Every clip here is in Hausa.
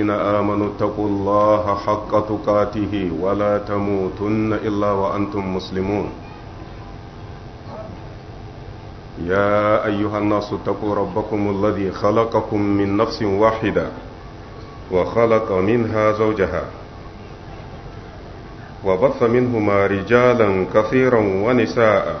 الذين آمنوا اتقوا الله حق تقاته ولا تموتن إلا وأنتم مسلمون يا أيها الناس اتقوا ربكم الذي خلقكم من نفس واحدة وخلق منها زوجها وبث منهما رجالا كثيرا ونساء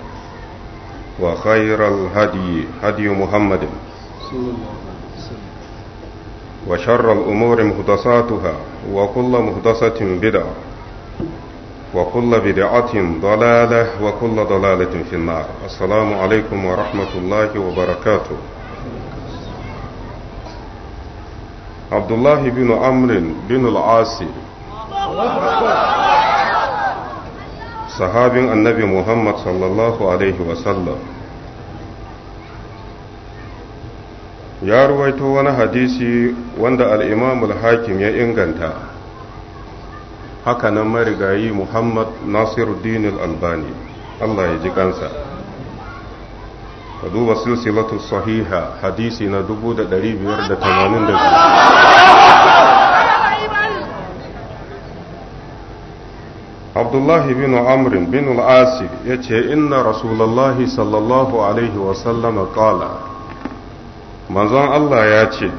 وخير الهدي هدي محمد وشر الأمور مهدساتها وكل مهدسة بدعة وكل بدعة ضلالة وكل ضلالة في النار السلام عليكم ورحمة الله وبركاته عبد الله بن عمرو بن العاصي sahabin annabi muhammad sallallahu alaihi wasallam ya ruwaito wani hadisi wanda al'imamul hakim ya inganta hakanan marigayi muhammad nasiruddin albani allah ya ji kansa ka duba silsilatu sahiha hadisi na 1582 abdullahi bin amrin bin al'asi ya ce inna rasulallahi sallallahu alaihi wasallama kala manzon Allah ya ce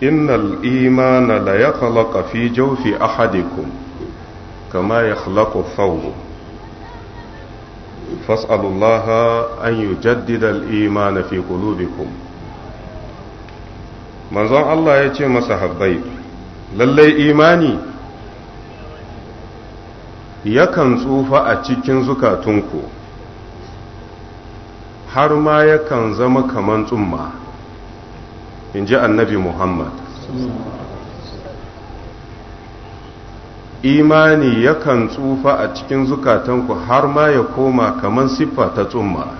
innal imana la ya fi jawfi ahadikum kama ya thawbu فاسألوا الله أن يجدد الإيمان في قلوبكم manzon Allah ya ce masahabbai lallai imani yakan tsufa a cikin zukatunku har ma yakan zama kaman tsumma in ji annabi muhammad imani yakan tsufa a cikin zukatanku har ma ya koma kaman siffa ta tsumma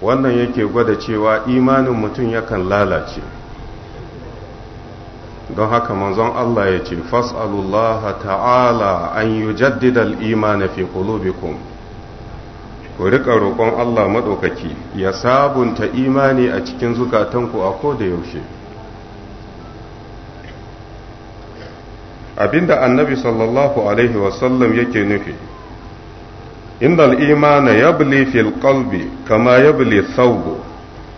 wannan yake gwada cewa imanin mutum yakan lalace don haka manzon Allah ya ce fas'alullah ta'ala an yi jaddidal imani fi qulubikum ku riƙa roƙon Allah madaukaki ya sabunta imani a cikin zukatanku a ko da yaushe abinda annabi sallallahu alaihi wasallam yake nufi innal imana yabli fil qalbi kama yabli thawbu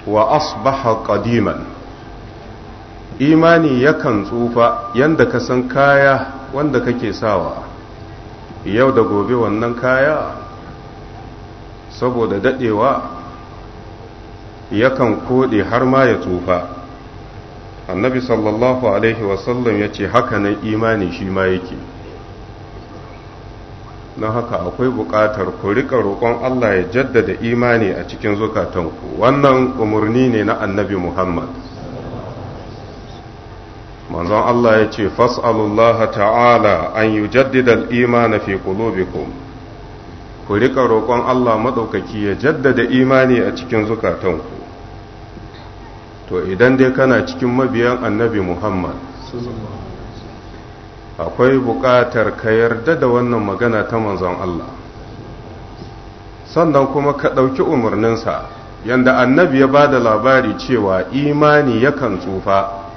wa asbaha qadiman imani yakan tsufa yanda ka san kaya wanda kake sawa yau da gobe wannan kaya saboda daɗewa yakan kode har ma ya tsufa annabi sallallahu alaihi wasallam ya ce nan imani shi ma yake na haka akwai buƙatar ku riƙa roƙon Allah ya jaddada imani a cikin zukatanku wannan umarni ne na annabi Muhammad manzon Allah ya ce fas'alullaha ta'ala an yi jaddidal imana fi qulubikum ku riƙa roƙon Allah maɗaukaki ya jaddada imani a cikin zukatanku to idan dai kana cikin mabiyan annabi Muhammad akwai buƙatar ka yarda da wannan magana ta manzon Allah sannan kuma ka ɗauki umarninsa yanda annabi ya ba da labari cewa imani yakan tsufa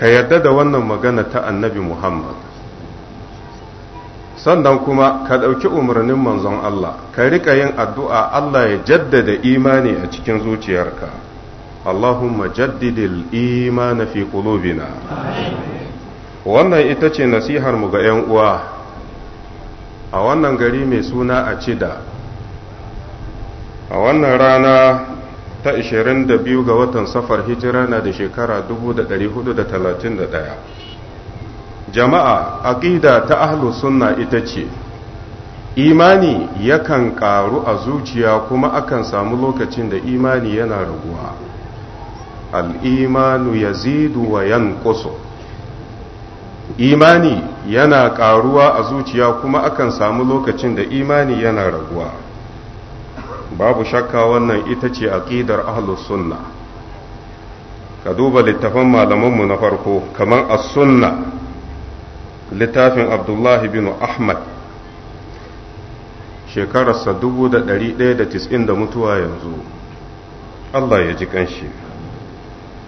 ka yarda da wannan magana ta annabi muhammad sannan kuma ka ɗauki umarnin manzon Allah ka riƙa yin addu'a Allah ya jaddada imani a cikin zuciyarka Allahumma jaddidil imani fi qulubina wannan ita ce nasihar mu ga ‘yan uwa a wannan gari mai suna a cida a wannan rana ta 22 ga watan safar hijira na da shekara 1431 jama'a aƙida ta ahlu sunna ita ce imani yakan ƙaru a zuciya kuma akan samu lokacin da imani yana raguwa al'imanu ya zidu wa yankusu imani yana ƙaruwa a zuciya kuma akan samu lokacin da imani yana raguwa babu shakka wannan ita ce aqidar ahlus sunna ka duba littafin malamanmu na farko kamar as-sunna littafin abdullahi bin ahmad shekararsa 1190 da mutuwa yanzu Allah ya ji kanshi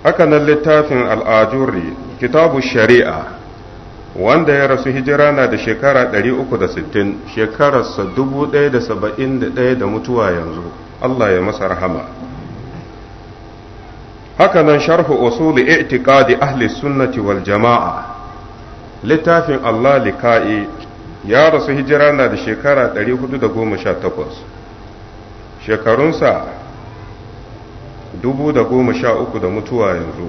haka nan littafin al'ajuri kitabu shari'a wanda ya rasu hijira na da shekara 360 shekararsa 1071 da mutuwa yanzu Allah ya masa rahama Haka nan sharhu usul i'tiqadi ahli sunnati wal jama'a littafin Allah lika'i ya rasu hijira na da shekara 418 shekarunsa 1013 da mutuwa yanzu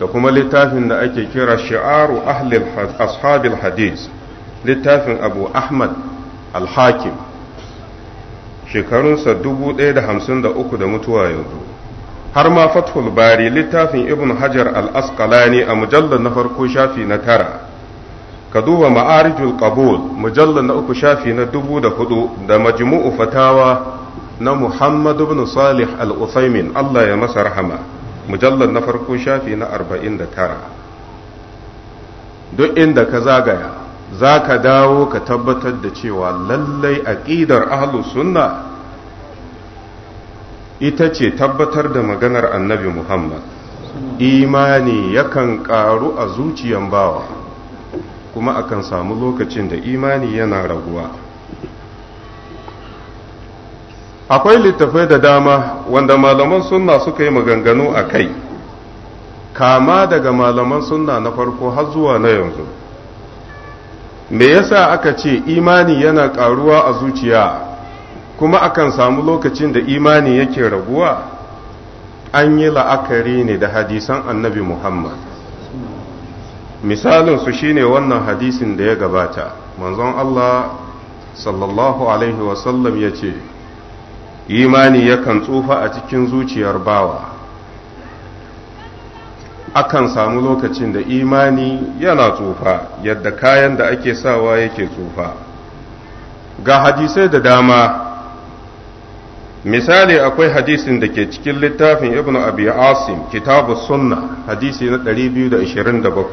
da kuma littafin da ake kira shi'aru ahlil ashabil hadis littafin abu ahmad al-hakim shekarunsa 1053 da mutuwa yanzu har ma fathul bari littafin ibn hajar al-asqalani a mujallar na farko shafi na tara ka duba ma'arijul qabul mujallar na uku shafi na dubu da hudu da majmu'u fatawa na muhammad ibn salih al-usaimin allah ya masa rahama mujallar na farko shafi na arba'in da tara duk inda ka zagaya za ka dawo ka tabbatar da cewa lallai aƙidar ahlu sunna ita ce tabbatar da maganar annabi muhammad imani yakan ƙaru a zuciyan bawa kuma akan samu lokacin da imani yana raguwa akwai littafai da dama wanda malaman sunna suka yi maganganu a kai kama daga malaman sunna na farko har zuwa na yanzu me yasa aka ce imani yana ƙaruwa a zuciya kuma akan samu lokacin da imani yake raguwa an yi la'akari ne da hadisan annabi muhammad misalin su shine wannan hadisin da ya gabata manzon allah sallallahu alaihi wasallam ya ce imani yakan tsufa a cikin zuciyar bawa akan samu lokacin da imani yana tsufa yadda kayan da ake sawa yake tsufa ga hadisai da dama misali akwai hadisin da ke cikin littafin ibn abi asim kitabu sunna hadisi na 227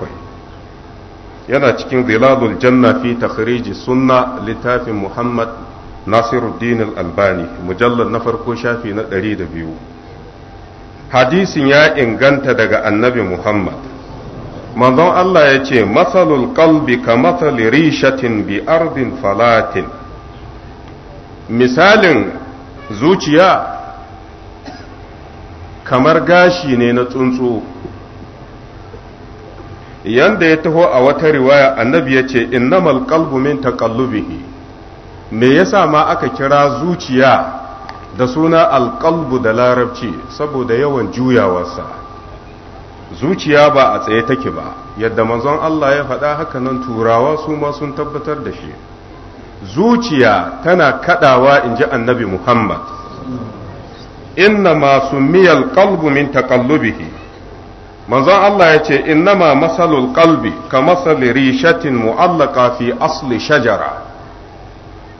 yana cikin zilalul janna fi takhriji sunna littafin muhammad nasiruddin al-albani mujallar na farko shafi na ɗari da biyu hadisin ya inganta daga annabi muhammad manzon allah ya ce matsalul kalbi ka matsali rishatin bi ardin falatin misalin zuciya kamar gashi ne na tsuntsu yanda ya taho a wata riwaya annabi ya ce innamal qalbu min taqallubihi me yasa ma aka kira zuciya da suna alƙalbu da larabci saboda yawan juyawarsa zuciya ba a tsaye take ba yadda manzon Allah ya faɗa haka nan turawa su ma sun tabbatar da shi zuciya tana kaɗawa in ji annabi muhammad inna masu miyar qalbu min taqallubihi manzon Allah ya ce innama masalul ƙalbi ka masali rishatin mu'allaka fi asli shajara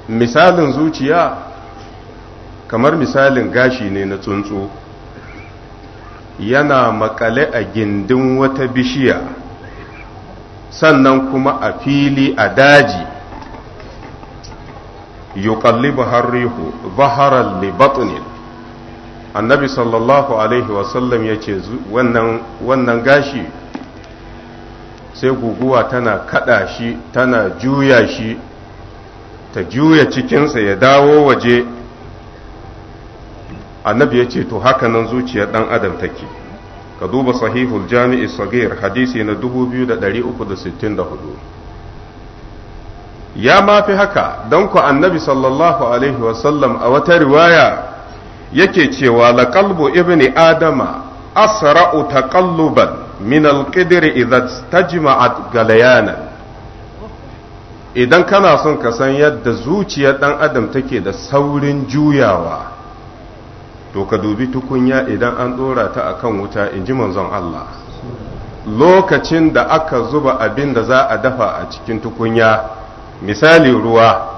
misalin zuciya kamar misalin gashi ne na tsuntsu yana makale a gindin wata bishiya sannan kuma a fili a daji yukalli harrihu zaharar libatinin annabi sallallahu alaihi wasallam ya ce wannan gashi sai guguwa tana kada shi tana juya shi ta juya cikinsa ya dawo waje annabi ya ce to nan zuciyar ɗan adam take ka duba sahihul jami'i sagir hadisi na 2364 ya ma fi haka don ku annabi sallallahu alaihi wasallam a wata riwaya yake cewa laƙalbu ibni adama asra'u taqalluban min al-qidri idza tajma'at galayanan idan kana son ka san yadda zuciyar ɗan adam take da saurin juyawa to ka dubi tukunya idan an dora ta a kan wuta in ji manzon Allah lokacin da aka zuba abin da za a dafa a cikin tukunya misali ruwa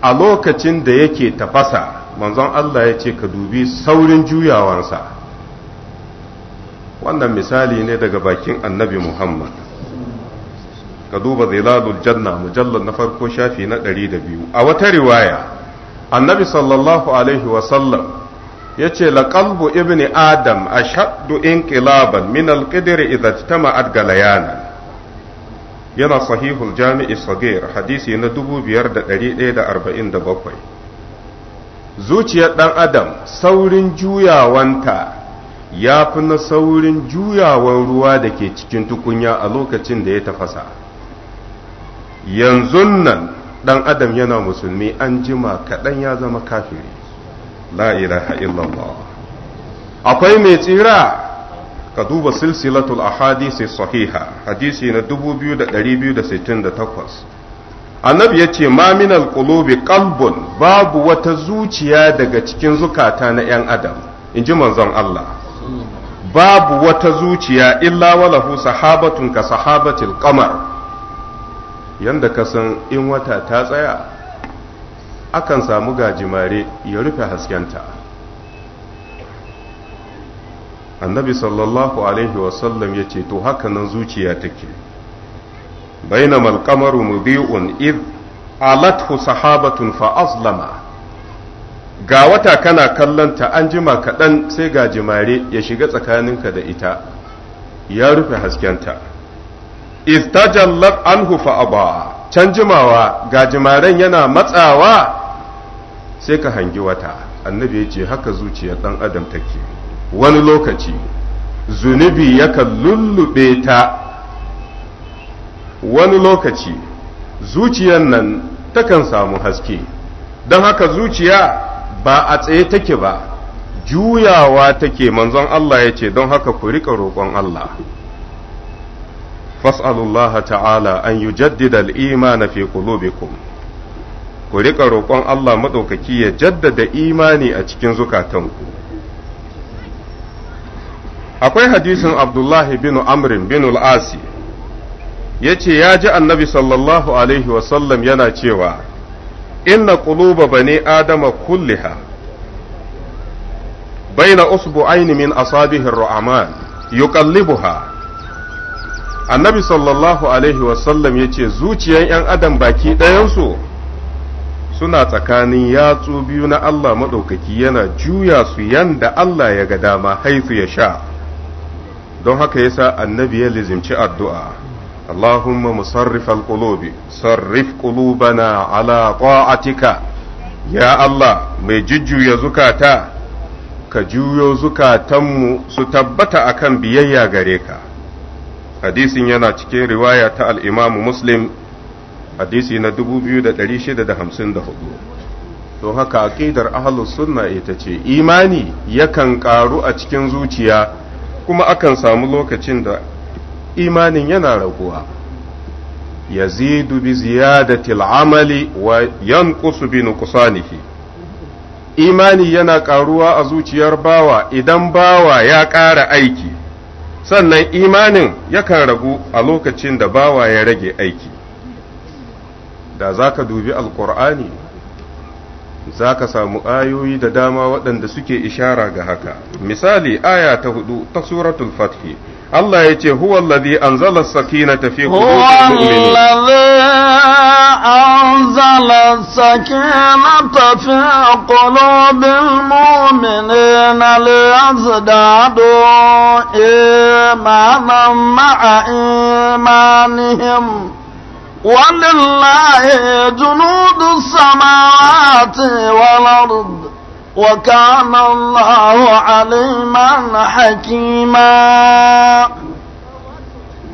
a lokacin da yake tafasa manzon Allah ya ce ka dubi saurin juyawarsa wannan misali ne daga bakin annabi Muhammad ka duba zilalul janna mujallal na farko shafi na 102 a wata riwaya annabi sallallahu alaihi wa sallam ya ce qalbu ibni adam ashaddu inqilaban min alƙidiri idza ijtama'at galayan yana sahihul jami'i sagir hadisi na 5147 zuciyar ɗan adam saurin juyawanta ya fi na saurin juyawan ruwa da ke cikin tukunya a lokacin da ya tafasa yanzu nan dan adam yana musulmi an jima kaɗan ya zama kafiri la ilaha illallah akwai mai tsira ka duba silsilatul ahadisi sahiha hadisi na 2268 annabi ya ce ma min alqulubi qalbun babu wata zuciya daga cikin zukata na yan adam in ji manzon Allah babu wata zuciya illa walahu sahabatun ka sahabatil qamar yanda ka san in wata ta tsaya akan samu gajimare ya rufe haskenta annabi sallallahu alaihi wasallam ya ce to haka nan zuciya take bainama alqamaru mudi'un id alathu sahabatun fa azlama ga wata kana kallonta an jima kaɗan sai gajimare ya shiga tsakaninka da ita ya rufe haskenta istajallat anhu aba can jimawa ga jimaren yana matsawa sai ka hangi wata annabi ya ce haka zuciyar dan adam take wani lokaci zunubi yakan lullube ta wani lokaci zuciyar nan takan samu haske don haka zuciya ba a tsaye take ba juyawa take manzon Allah ya ce don haka ku riƙa roƙon Allah fas'alullaha ta'ala an yujaddida al-imana fi qulubikum ku riƙa roƙon Allah maɗaukaki ya jaddada imani a cikin zukatanku. Akwai hadisin Abdullahi bin Amrin bin al'asi, ya ce ya ji annabi sallallahu Alaihi sallam yana cewa, Inna ƙuluba bane Adama kulliha, baina usbu min asabihin ru'aman yuqallibuha annabi sallallahu alaihi wasallam ya ce zuciyan 'yan adam baki ɗayansu suna tsakanin yatsu biyu na Allah maɗaukaki yana juya su yanda Allah ya ga dama haifu ya sha don haka yasa annabi ya lizimci addu'a Allahumma musarrif al-qulubi sarrif qulubana ala ta'atika ya Allah mai jujjuya zukata ka juyo zukatanmu su tabbata akan biyayya gare ka hadisin yana cikin riwaya ta al'imamu muslim hadisi na 2654 To haka aƙidar ahalus sunna ita ce imani yakan ƙaru a cikin zuciya kuma akan samu lokacin da imanin yana raguwa yazidu bi ziyadati al'amali wa yanqusu bi nuqsanihi imani yana ƙaruwa a zuciyar bawa idan bawa ya ƙara aiki sannan imanin yakan ragu a lokacin da bawa ya rage aiki da za ka dubi alkur'ani za ka samu ayoyi da dama waɗanda suke ishara ga haka misali aya ta hudu ta suratul fathi الله يتي هو الذي أنزل السكينة في قلوب المؤمنين هو الذي أنزل السكينة في قلوب المؤمنين ليزدادوا إيمانا مع إيمانهم ولله جنود السماوات والأرض وكان الله عليما حكيما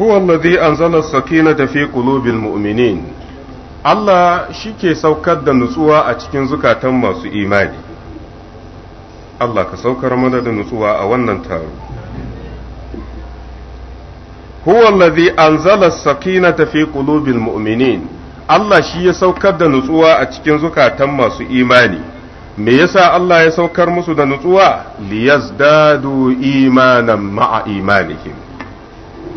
هو الذي أنزل السكينة في قلوب المؤمنين Allah shi ke saukar da nutsuwa a cikin zukatan masu imani, Allah ka saukar mana da nutsuwa a wannan taro. Huwa allazi anzala sakinata fi qulubil mu'minin Allah shi ya saukar da nutsuwa a cikin zukatan masu imani. me yasa Allah ya saukar musu da nutsuwa liyazdadu imanan ma'a imanihim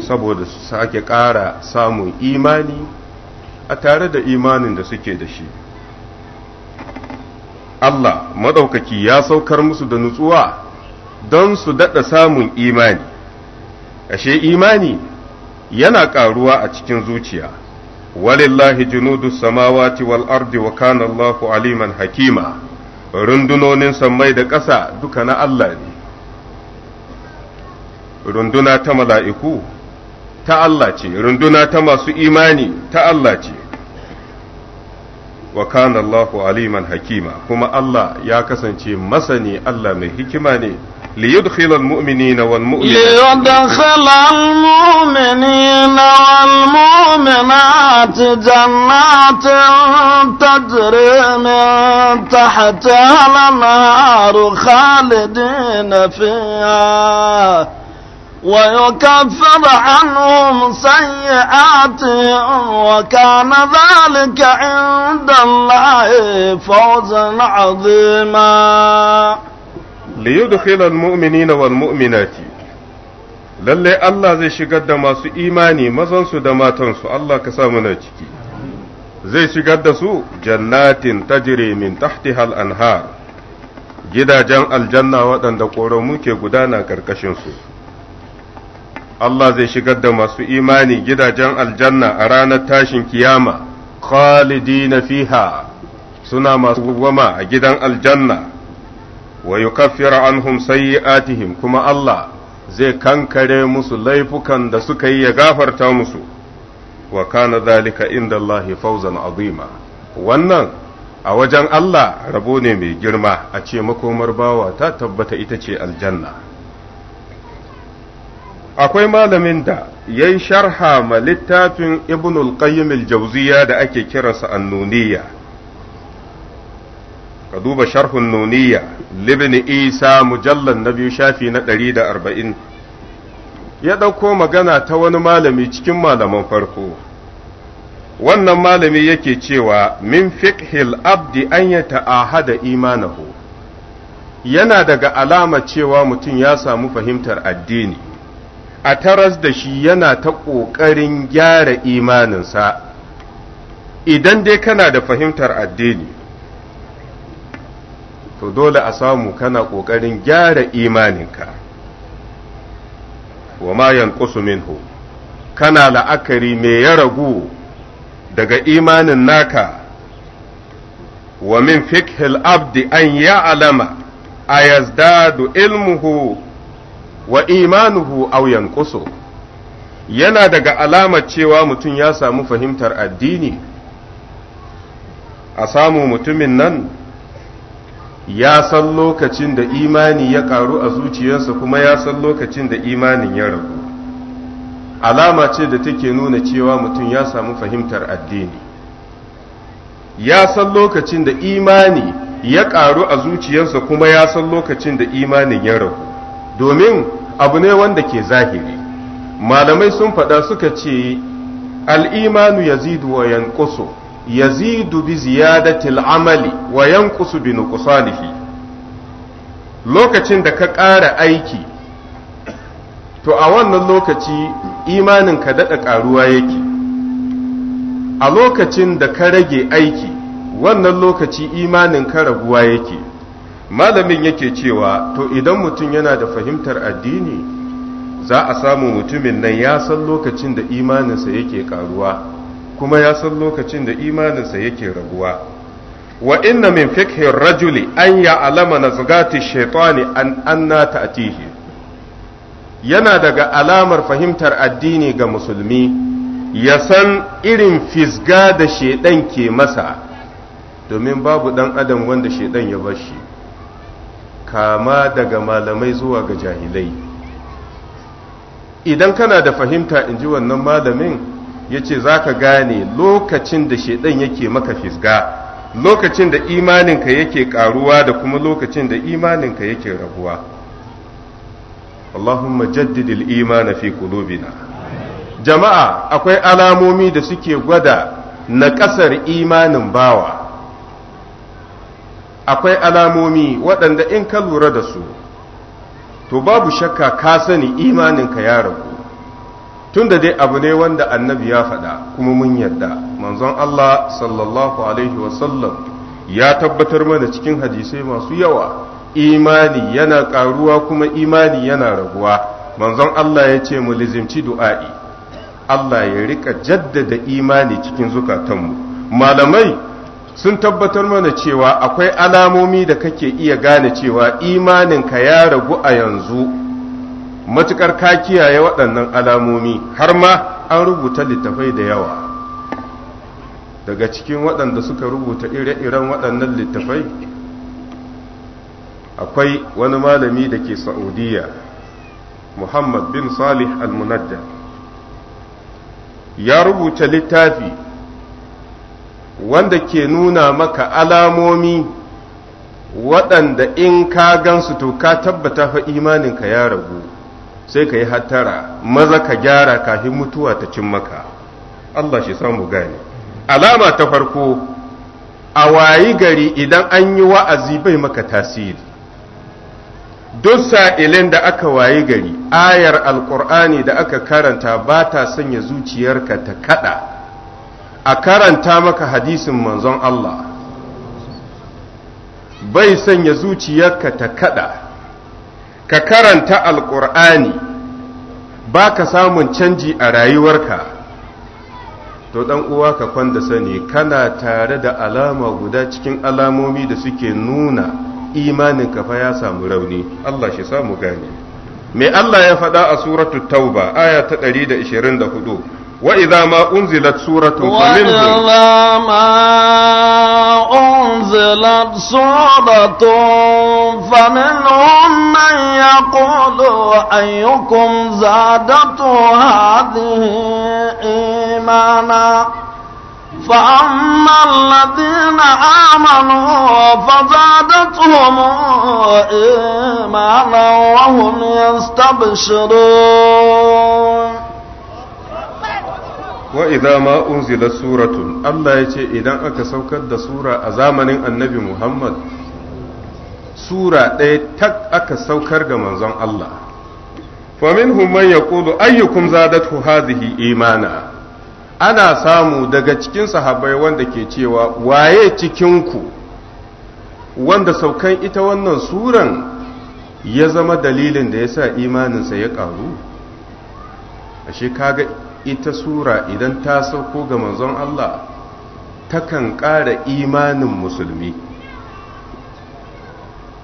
saboda su sake ƙara samun imani a tare da imanin da suke da shi Allah maɗaukaki ya saukar musu da nutsuwa don su daɗa samun imani ashe imani yana ƙaruwa a cikin zuciya walillahi junudu samawati wal ardi wa kana Allahu aliman hakima rundunonin sammai da ƙasa duka na Allah ne runduna ta mala'iku ta Allah ce runduna ta masu imani ta Allah ce wa kana Allahu aliman hakima kuma Allah ya kasance masani Allah mai hikima ne ليدخل المؤمنين والمؤمنات ليدخل المؤمنين والمؤمنات جنات تجري من تحتها الأنهار خالدين فيها ويكفر عنهم سيئاتهم وكان ذلك عند الله فوزا عظيما liyudkhila almu'minina wal mu'minati lalle Allah zai shigar da masu imani mazansu da matansu Allah ka sa muna ciki zai shigar da su jannatin ta min tahti hal anhar gidajen aljanna waɗanda ƙoramu ke gudana ƙarƙashin su Allah zai shigar da masu imani gidajen aljanna a ranar tashin kiyama khalidina fiha suna masu gwama a gidan aljanna wa yukaffira anhum sayyi'atihim kuma Allah zai kankare musu laifukan da suka yi ya gafarta musu wa kana zalika inda Allah fawzan azima wannan a wajen Allah rabo ne mai girma a ce makomar bawa ta tabbata ita ce aljanna akwai malamin da ya sharha ma littafin ibnul qayyim al da ake kiransa annuniya ka duba sharhun nuniya libni isa mujallan na biyu shafi na ɗari da arba'in ya ɗauko magana ta wani malami cikin malaman farko wannan malami yake cewa min fiqhil abdi an ya ta'ahada imanahu yana daga alama cewa mutum ya samu fahimtar addini a taras da shi yana ta ƙoƙarin gyara imaninsa idan dai kana da fahimtar addini to dole a samu kana ƙoƙarin gyara imaninka wa ma yanqusu minhu kana la'akari mai ya ragu daga imanin naka wa min fikhil abdi an ya'lama ayazdadu ilmuhu wa imanuhu aw yanqusu yana daga alamar cewa mutum ya samu fahimtar addini a samu mutumin nan ya san lokacin da imani ya karu a zuciyarsa kuma ya san lokacin da imanin ya ragu alama ce da take nuna cewa mutum ya samu fahimtar addini ya san lokacin da imani ya karu a zuciyarsa kuma ya san lokacin da imanin ya ragu domin abu ne wanda ke zahiri malamai sun faɗa suka ce al'imanu zidu wa yankusu yazidu bi ziyadatil amali wa yanqusu bi nuqsanihi lokacin da ka ƙara aiki to a wannan lokaci imanin ka daɗa ƙaruwa yake a lokacin da ka rage aiki wannan lokaci imanin ka raguwa yake malamin yake cewa to idan mutum yana da fahimtar addini za a samu mutumin nan ya san lokacin da imaninsa yake ƙaruwa kuma ya san lokacin da imaninsa yake raguwa wa inna min fikhi rajuli an ya'lama nazgati shaytani an anna ta'tihi yana daga alamar fahimtar addini ga musulmi ya san irin fisga da shedan ke masa domin babu dan adam wanda shedan ya bar shi kama daga malamai zuwa ga jahilai idan kana da fahimta in ji wannan malamin ya ce za ka gane lokacin da shaidan yake maka fisga lokacin da imaninka yake karuwa da kuma lokacin da imaninka yake rabuwa Allahumma jaddidil imana fi qulubina jama'a akwai alamomi da suke gwada na ƙasar imanin bawa akwai alamomi waɗanda in ka lura da su to babu shakka ka sani imaninka ya rabu tun da dai abu ne wanda annabi ya faɗa kuma mun yarda manzon Allah sallallahu alaihi wasallam ya tabbatar mana cikin hadisai masu yawa imani yana ƙaruwa kuma imani yana raguwa manzon Allah ya ce mu lizimci du'a'i Allah ya rika jaddada imani cikin zukatanmu malamai sun tabbatar mana cewa akwai alamomi da kake iya gane cewa imaninka ya ragu a yanzu matukar ka kiyaye waɗannan alamomi har ma an rubuta littafai da yawa daga cikin waɗanda suka rubuta ire-iren waɗannan littafai akwai wani malami da ke Saudiyya, muhammad bin salih al-munadda ya rubuta littafi wanda ke nuna maka alamomi waɗanda in ka gansu to ka tabbata fa imaninka ya ragu sai ka yi hattara maza ka gyara kafin mutuwa ta cin maka Allah shi samu gane alama ta farko a wayi gari idan an yi wa'azi bai maka tasiri duk sa'ilin da aka wayi gari ayar alkur'ani da aka karanta ba ta sanya zuciyarka ta kada a karanta maka hadisin manzon Allah bai sanya zuciyarka ta kada ka karanta alƙur'ani ba ka samun canji a rayuwarka to ɗan uwa ka kwanda sani kana tare da alama guda cikin alamomi da suke nuna imanin kafa ya samu rauni Allah shi samu gane me Allah ya faɗa a suratu tauba aya ta 124 وإذا ما أنزلت سورة فمنهم وإذا ما أنزلت سورة فمنهم من يقول أيكم زادت هذه إيمانا فأما الذين آمنوا فزادتهم إيمانا وهم يستبشرون wa idza ma unzila suratun Allah ya ce idan aka saukar da sura a zamanin annabi Muhammad sura ɗaya tak aka saukar ga manzon Allah fa minhum man yaqulu ayyukum zadatu hadhihi imana ana samu daga cikin sahabbai wanda ke cewa waye cikinku wanda saukan ita wannan suran ya zama dalilin da ya sa imaninsa ya ƙaru ashe kaga ita sura idan ta sauko ga manzon Allah takan ƙara imanin musulmi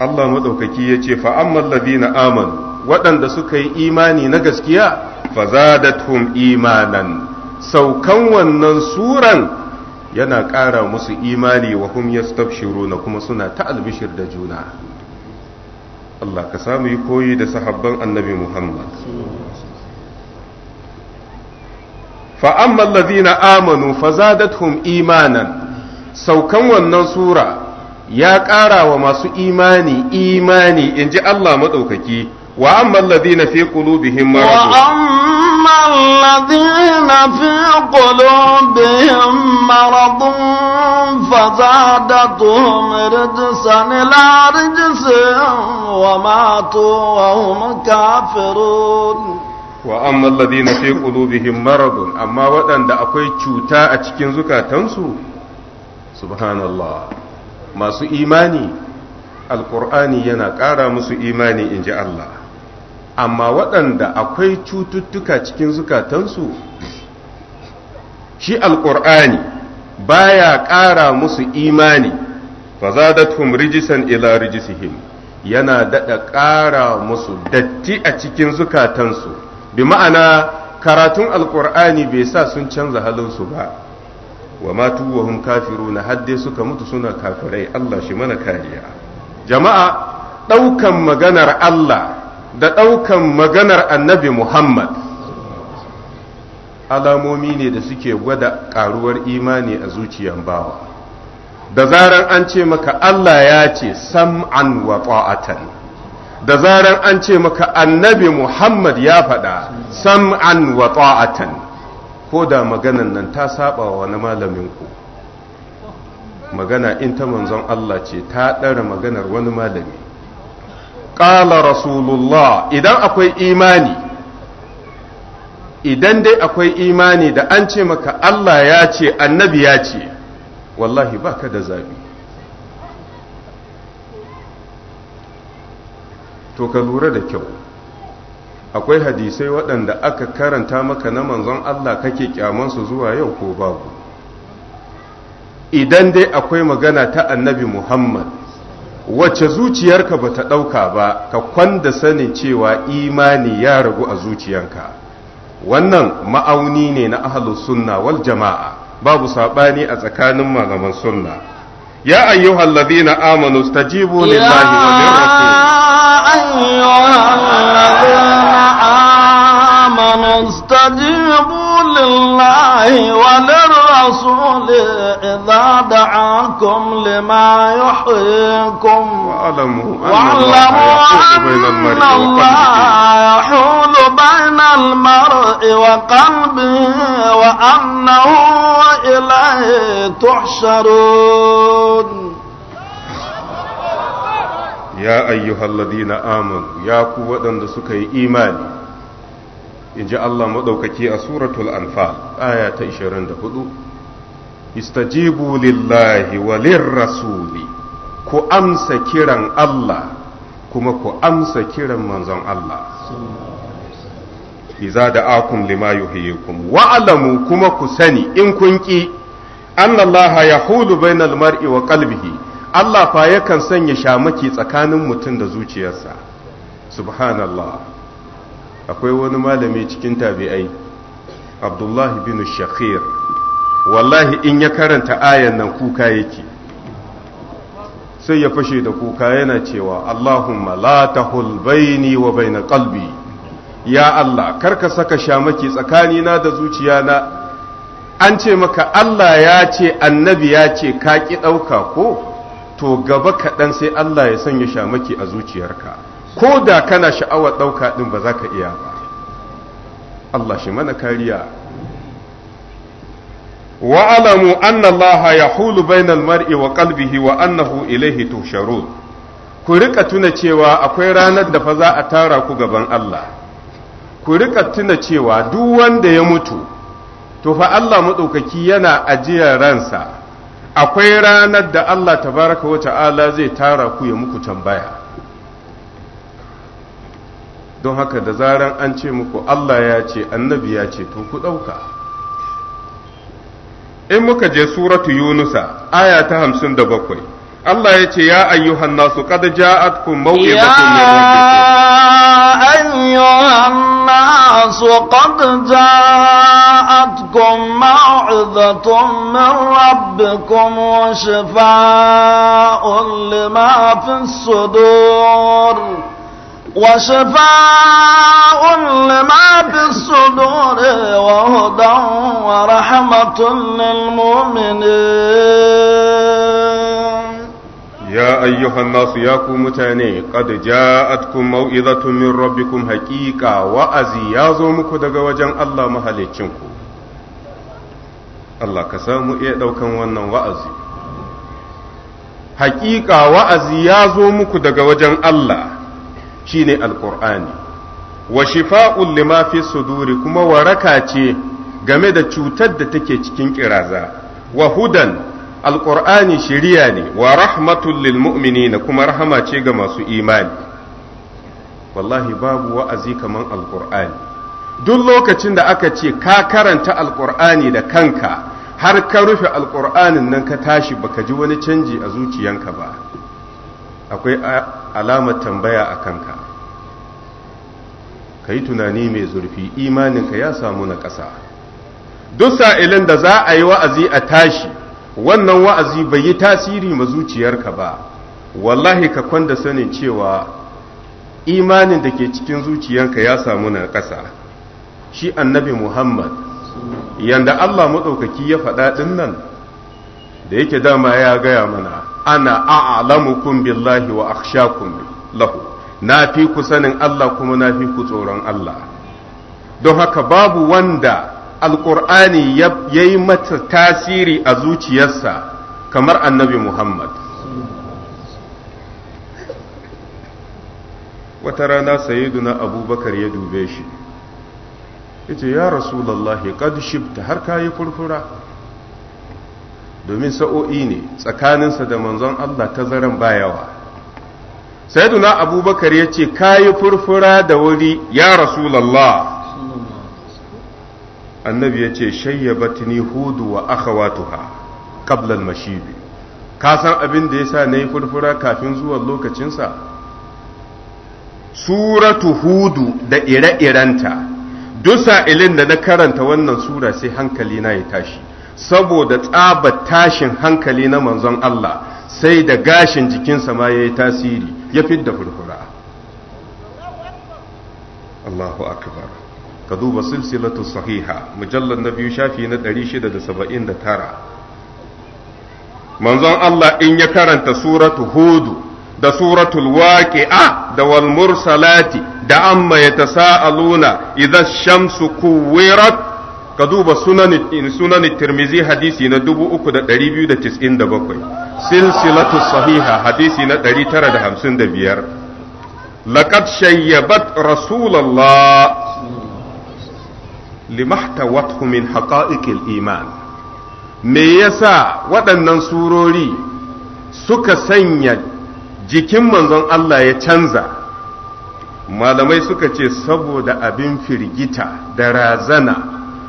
Allah maɗaukaki ya ce fa'amman na aman waɗanda suka yi imani na gaskiya Fa fazadatum imanan saukan wannan suran yana ƙara musu imani wa hum yastabshiruna kuma suna ta albishir da juna Allah ka samu yi koyi da sahabban annabi Muhammad fa amma allazina amanu fa imanan saukan wannan sura ya ƙara wa masu imani imani in ji Allah maɗaukaki wa amma allazina fi qulubihim maradun wa amma allazina fi qulubihim maradun fazadatuhum rijsan ila rijsin wa matu wa hum kafirun wa amma alladhina fi qulubihim maradun amma waɗanda akwai cuta a cikin zukatansu subhanallah masu imani alqur'ani yana ƙara musu imani inji Allah amma waɗanda akwai cututtuka cikin zukatansu shi alqur'ani baya ƙara musu imani fazadathum rijisan ila rijisihim yana daɗa ƙara musu datti a cikin zukatansu bi ma'ana karatun alkur'ani bai sa sun canza halinsu ba wa matu wa hum na? hadde suka mutu suna kafirai Allah shi mana kariya jama'a ɗaukan maganar Allah da ɗaukan maganar annabi Muhammad alamomi ne da suke gwada ƙaruwar imani a zuciyan bawa da zaran an ce maka Allah ya ce sam'an wa ta'atan da zarar an ce maka annabi Muhammad ya faɗa sam'an wa ta'atan ko da maganan nan ta saba wa na malaminku magana in ta manzon Allah ce ta ɗara maganar wani malami ƙala rasulullah idan akwai imani idan dai akwai imani da an ce maka Allah ya ce annabi ya ce wallahi baka da zabi to ka lura da kyau akwai hadisai waɗanda aka karanta maka na manzon Allah kake kyamansu zuwa yau ko babu idan dai akwai magana ta annabi Muhammad wacce zuciyarka ba ta ɗauka ba ka kwanda sanin cewa imani ya ragu a zuciyanka wannan ma'auni ne na ahalus sunna wal jama'a babu saɓani a tsakanin malaman sunna يا أيها الذين آمنوا استجيبوا لله وللرسول يا أيها الذين آمنوا آمنوا استجيبوا لله وللرسول إذا دعاكم لما يحييكم واعلموا أن الله يحول بين المرء وقلبه وأنه إليه تحشرون يا أيها الذين آمنوا يا قوة waɗanda suka in ji Allah maɗaukaki a suratul anfal aya ta 24 istajibu lillahi walin rasuli ku amsa kiran Allah kuma ku amsa kiran manzon Allah iza da akun lima yuhiyikum wa'alamu kuma ku sani in kun ki annallaha ya bainal mar'i wa kalbihi. Allah fa yakan sanya shamaki tsakanin mutum da zuciyarsa subhanallah akwai wani malami cikin tabi'ai abdullahi bin shakhir wallahi in ya karanta ayan nan kuka yake sai ya fashe da kuka yana cewa allahumma la tahul baini wa baina qalbi ya allah karka saka shamaki tsakanina da zuciyana an ce maka allah ya ce annabi ya ce ka ki ɗauka ko to gaba kaɗan sai allah ya sanya shamaki a zuciyarka ko da kana sha'awar ɗauka ɗin ba za ka iya ba Allah shi mana kariya wa'alamu annallaha ya hulu bainal mar'i wa qalbihi wa annahu ilaihi tusharun ku rika tuna cewa akwai ranar da fa za a tara ku gaban Allah ku rika tuna cewa duk wanda ya mutu to fa Allah maɗaukaki yana ajiyar ransa akwai ranar da Allah tabaraka wa ta'ala zai tara ku ya muku tambaya don haka da zaran an ce muku Allah ya ce annabi ya ce to ku ɗauka in muka je suratu yunusa aya ta hamsin da bakwai Allah ya ce ya ayyuhan nasu qad ja'atkum maw'izakum min rabbikum الناس وشفاء لما في الصدور وهدى ورحمة للمؤمنين يا أيها الناس يا متاني قد جاءتكم موئظة من ربكم حقيقة وأزي يازومك دقوجا الله مهلكنكم Allah ka samu iya ɗaukan wannan wa'azi. Hakika wa'azi ya zo muku daga wajen Allah, shine alqur'ani wa shifa'un lima fi suduri kuma waraka ce game da cutar da take cikin kiraza wa hudan alqur'ani shiriya ne wa rahmatul lil mu'minina kuma rahama ce ga masu imani wallahi babu wa'azi kaman alqur'ani duk lokacin da aka ce ka karanta alqur'ani da kanka har ka rufe alqur'anin nan ka tashi baka ji wani canji a zuciyanka ba akwai alamar tambaya a kanka ka yi tunani mai zurfi imaninka ya samu na ƙasa duk sa'ilin da za a yi wa'azi a tashi wannan wa'azi bai yi tasiri ma zuciyarka ba wallahi ka kwanda sanin cewa imanin da ke cikin zuciyarka ya samu na ƙasa shi annabi muhammad yanda allah maɗaukaki ya faɗa ɗin nan da yake dama ya gaya mana ana a'lamukum billahi wa akhshakum lahu na fi ku sanin Allah kuma na fi ku tsoron Allah don haka babu wanda alƙur'ani ya yi mata tasiri a zuciyarsa kamar annabi Muhammad wata rana sayyiduna abubakar ya dube shi ya ce ya rasulallah kad shibta har kayi furfura domin sa'o'i ne tsakaninsa da manzon Allah tazaran ba yawa sayyiduna abubakar ya ce kayi furfura da wuri ya rasulallah annabi ya ce batini hudu wa akhawatuha qabla al-mashibi ka san abin da yasa nayi furfura kafin zuwa lokacinsa suratu hudu da ire-irenta duk sa'ilin da na karanta wannan sura sai hankali na ya tashi saboda tsaba tashin hankali na manzon Allah sai da gashin jikinsa ma ya yi tasiri ya fidda furfura Allahu akbar ka duba silsilatu sahiha mujallar na biyu shafi na 679 manzon Allah in ya karanta suratu hudu da suratul waqi'a da wal mursalati da amma yatasaaluna idza shamsu kuwirat ka duba sunan tirmizi hadisi na 3297 silsilatu sahiha hadisi na 955 laqad shayyabat rasulullah limahtawathu min haqa'iqil iman me yasa waɗannan surori suka sanya jikin manzon Allah ya canza malamai suka ce saboda abin firgita da razana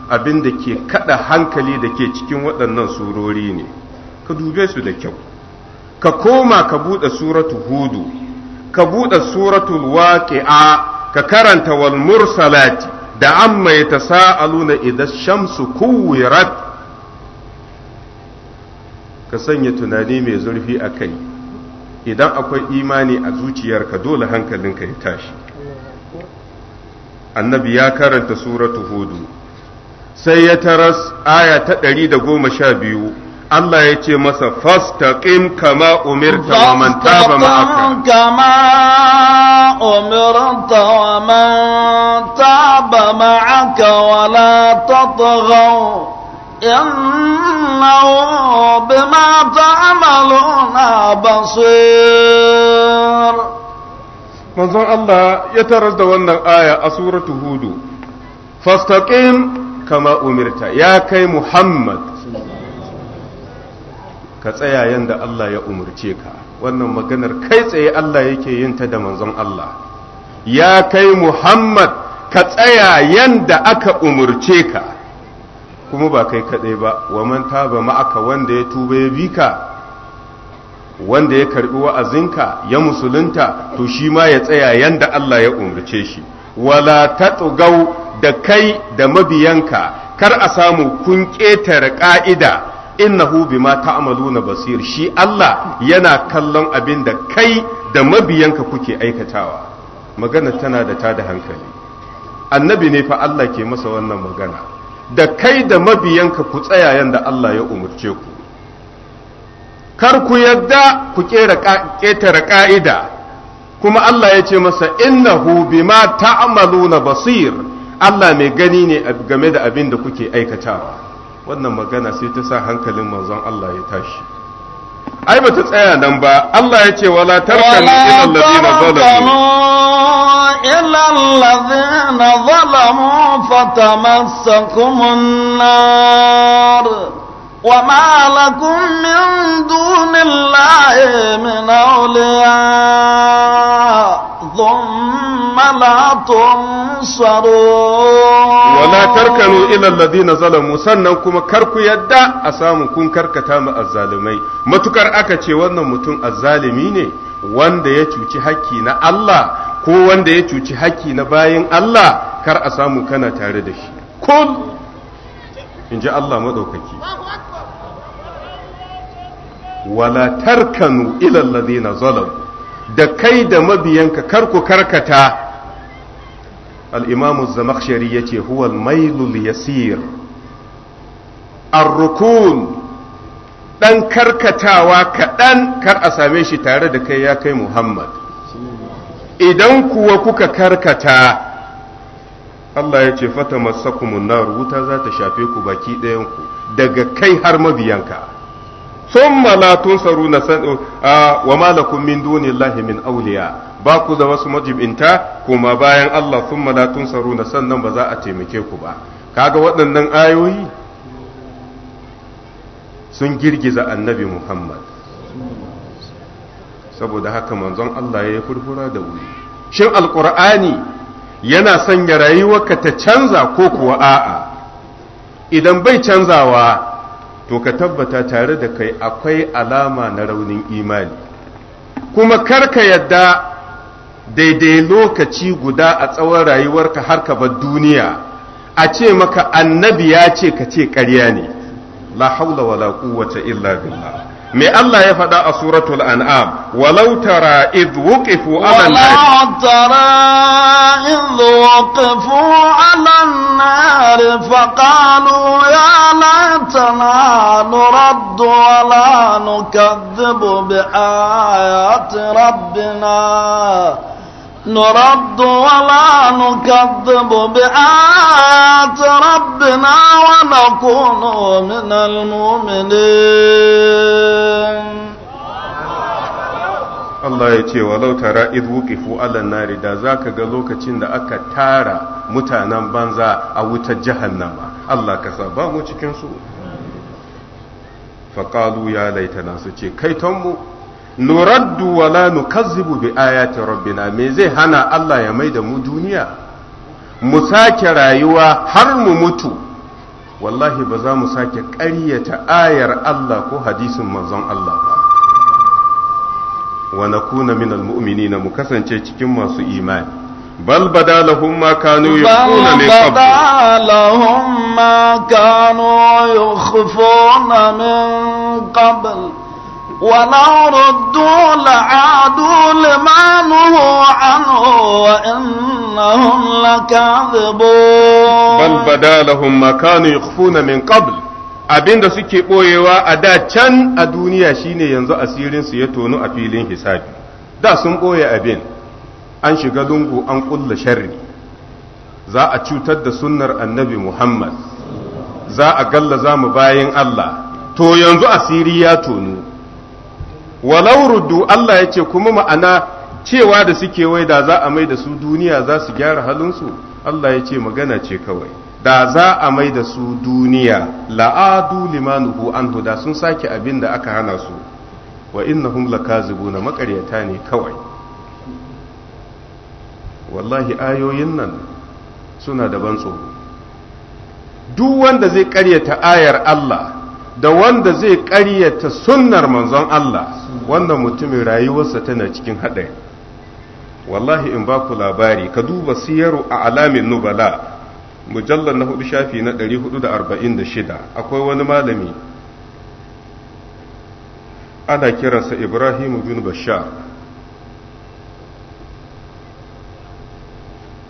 abin da ke kada hankali da ke cikin waɗannan surori ne ka dube su da kyau ka koma ka buɗe suratu hudu ka buɗe suratul waqi'a ka karanta wal mursalati da amma yatasaaluna idza shamsu kuwirat ka sanya tunani mai zurfi a kai idan akwai imani a zuciyarka dole hankalinka ya tashi annabi ya karanta suratu hudu sai ya taras aya ta ɗari da goma sha biyu Allah ya ce masa fastaqim kama umirta wa man taba ma'aka kama umirta wa man taba ma'aka wa la tatghaw innahu bima ta'maluna basir manzon Allah ya taras da wannan aya a suratu hudu fastaqim Ka ma umirta ya kai muhammad ka tsaya yanda Allah ya umurce ka wannan maganar kai tsaye Allah yake yin ta da manzon Allah ya kai muhammad ka tsaya yanda aka umurce ka kuma ba kai kaɗai ba wa man ba ma'aka wanda ya tuba ya bi ka wanda ya karbi wa'azinka ya musulunta to shi ma ya tsaya yanda Allah ya umurce shi wala tatgau da kai da mabiyanka kar a samu kun ƙetare ƙa'ida innahu bima ta'maluna basir shi Allah yana kallon abin da kai da mabiyanka kuke aikatawa magana tana da ta da hankali annabi ne fa Allah ke masa wannan magana da kai da mabiyanka ku tsaya yanda Allah ya umarce ku kar ku yadda ku ƙetare ƙa'ida kuma Allah ya ce masa innahu bima ta'maluna basir Allah mai gani ne game da abin da kuke aikatawa wannan magana sai ta sa hankalin manzon Allah ya tashi ai ba ta tsaya nan ba Allah ya ce wala tarkanu ila ladina zalamu ila ladina zalamu fatamassakumun nar وما لكم من دون الله من أولياء ثم لا تنصرون ولا تركنوا إلى الذين ظلموا سننكم كركوا يدا أسامكم كركة تام الظالمين ما تكر أكتش وانا متون الظالمين wanda ya cuci haƙƙi na Allah ko wanda ya cuci haƙƙi na bayin Allah kar a samu kana tare in ji Allah maɗaukaki wala tarkanu ilallazi na zalam da kai da mabiyanka karku karkata al'imamu zamakshari ya ce huwal mailul yasir arrukun ɗan karkatawa kaɗan kar a same shi tare da kai ya kai muhammad idan kuwa kuka karkata Allah ya ce fata masakumun na wuta za ta shafe ku baki ɗayanku daga kai har mabiyanka sun malatun saru na wa malakun min duni lahi auliya ba ku da wasu majibinta kuma bayan Allah sun malatun saru na sannan ba za a taimake ku ba kaga waɗannan ayoyi sun girgiza annabi Muhammad saboda haka manzon Allah ya yi furfura da wuri shin alƙur'ani yana sanya ka ta canza ko kuwa a'a idan bai canzawa to ka tabbata tare da kai akwai alama na raunin imani kuma karka yadda daidai lokaci guda a tsawon rayuwarka har ka bar duniya a ce maka annabi ya ce ka ce ƙarya ne la haula wala quwwata illa billah me Allah ya faɗa a suratul an'am walau tara id wuqifu ala walau tara id wuqifu ala an-nar faqalu qalu ya laitana nurad wa la nukadhibu bi ayati rabbina نرد ولا نكذب بآيات ربنا ونكون من المؤمنين Allah ya ce walau tara id wuqifu ala nari da zaka ga lokacin da aka tara mutanen banza a wutar jahannama Allah ka sa ba mu cikin su ya laitana su ce kaitonmu nuraddu wa la nukazzibu bi ayati rabbina me zai hana Allah ya mai da mu duniya mu sake rayuwa har mu mutu wallahi ba za mu sake ƙaryata ayar Allah ko hadisin manzon Allah ba wa nakuna min almu'minina mu kasance cikin masu imani بل بدا لهم ما كانوا يخفون من قبل بل لهم ما كانوا يخفون من قبل ولو ردوا لعادوا لما نهوا عنه وإنهم لكاذبون بل بدا لهم ما كانوا يخفون من قبل abin da suke ɓoyewa a da can a duniya shine yanzu asirinsu ya tonu a filin hisabi da sun ɓoye abin an shiga lungu an ƙulla sharri za a cutar da sunnar annabi muhammad za a gallaza mu bayan allah to yanzu asiri ya tonu walau ruddu Allah ya ce kuma ma'ana cewa da suke wai da za a mai da su duniya za su gyara halinsu Allah ya ce magana ce kawai da za a mai da su duniya la'adu limanuhu anhu da sun sake abin da aka hana su wa innahum na maƙaryata ne kawai wallahi ayoyin nan suna da ban tsoro duk wanda zai karyata ayar Allah da wanda zai ƙaryata sunnar manzon Allah wannan mutumin rayuwarsa tana cikin haɗari wallahi in ba ku labari ka duba siyaru a alamin nubala mujallar na hudu shafi na 446 akwai wani malami ana kiransa ibrahim bin bashar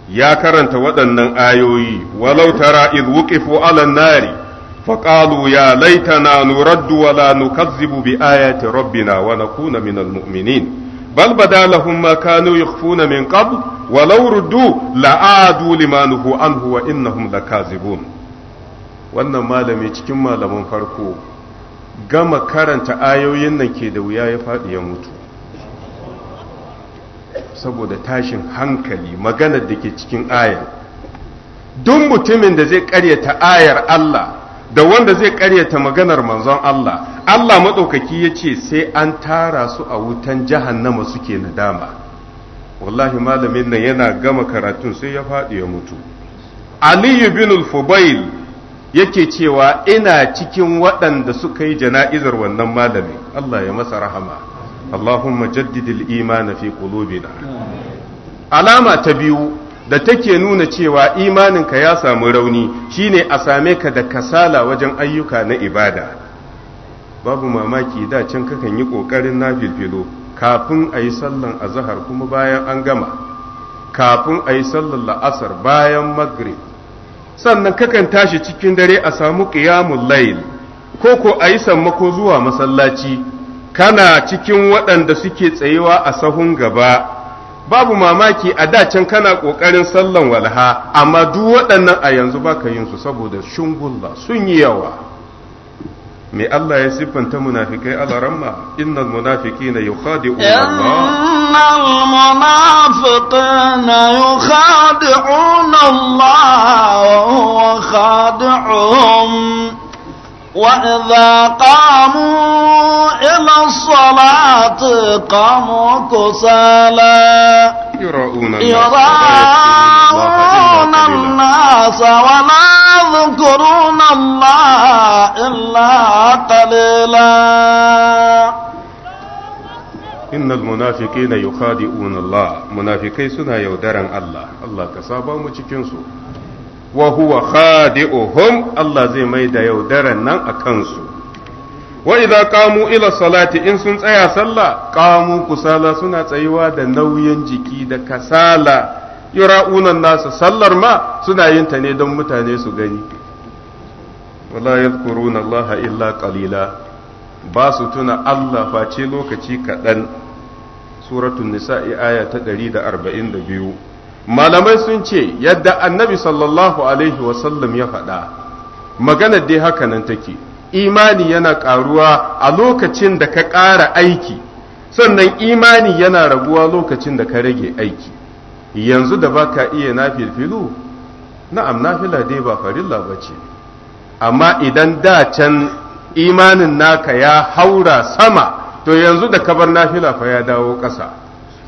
ya karanta waɗannan ayoyi walau tara iz wuqifu ala nari فقالوا يا ليتنا نرد ولا نكذب بآيات ربنا ونكون من المؤمنين بل بدا لهم ما كانوا يخفون من قبل ولو ردوا لعادوا لما نهوا عنه وإنهم لكاذبون wannan malami cikin malaman farko gama karanta ayoyin nan ke da wuya ya faɗi ya mutu saboda tashin hankali maganar da ke cikin ayar duk mutumin da zai ƙaryata ayar Allah da wanda zai ƙaryata maganar manzon Allah Allah maɗaukaki ya ce sai an tara su a wutan jahannama suke nadama wallahi malamin nan yana gama karatun sai ya faɗi ya mutu aliyu bin fubail yake cewa ina cikin waɗanda suka yi jana'izar wannan malami Allah ya masa rahama Allahumma jaddidil imana fi qulubina alama ta biyu da take nuna cewa imaninka ya samu rauni shine a same ka da kasala wajen ayyuka na ibada babu mamaki da can kakan yi ƙoƙarin na filfilo kafin a yi sallan azahar kuma bayan an gama kafin a yi sallan la'asar bayan maghrib sannan kakan tashi cikin dare a samu ƙiyamun layil ko ko a yi sammako zuwa masallaci kana cikin waɗanda suke tsayewa a sahun gaba babu mamaki a da can kana ƙoƙarin sallan walha amma duk waɗannan a yanzu baka yin su saboda shungulla sun yi yawa me Allah ya siffanta munafikai alaramma innal munafiqina yukhadi'una Allah innal munafiqina yukhadi'una Allah wa وإذا قاموا إلى الصلاة قاموا كسالا يراؤون الناس ولا يذكرون الله إلا قليلا إن المنافقين يُخَادِئُونَ الله منافقين سنا يودرن الله الله كسابا مجكنسو wa huwa khadi'uhum Allah zai mai da yaudaran nan a kansu wa idza qamu ila salati in sun tsaya sallah qamu kusala suna tsayuwa da nauyin jiki da kasala yura'una nasa sallar ma suna yin ta ne don mutane su gani wala yadhkuruna Allah illa qalila ba su tuna Allah face lokaci kaɗan suratul nisa'i aya ta 142 malamai sun ce yadda annabi sallallahu alaihi wasallam ya faɗa maganar dai haka nan take imani yana ƙaruwa a lokacin da ka ƙara aiki sannan imani yana raguwa lokacin da ka rage aiki yanzu da ba ka iya nafilfilu na'am nafila dai ba farilla ba ce amma idan da can imanin naka ya haura sama to yanzu da kabar nafila fa ya dawo ƙasa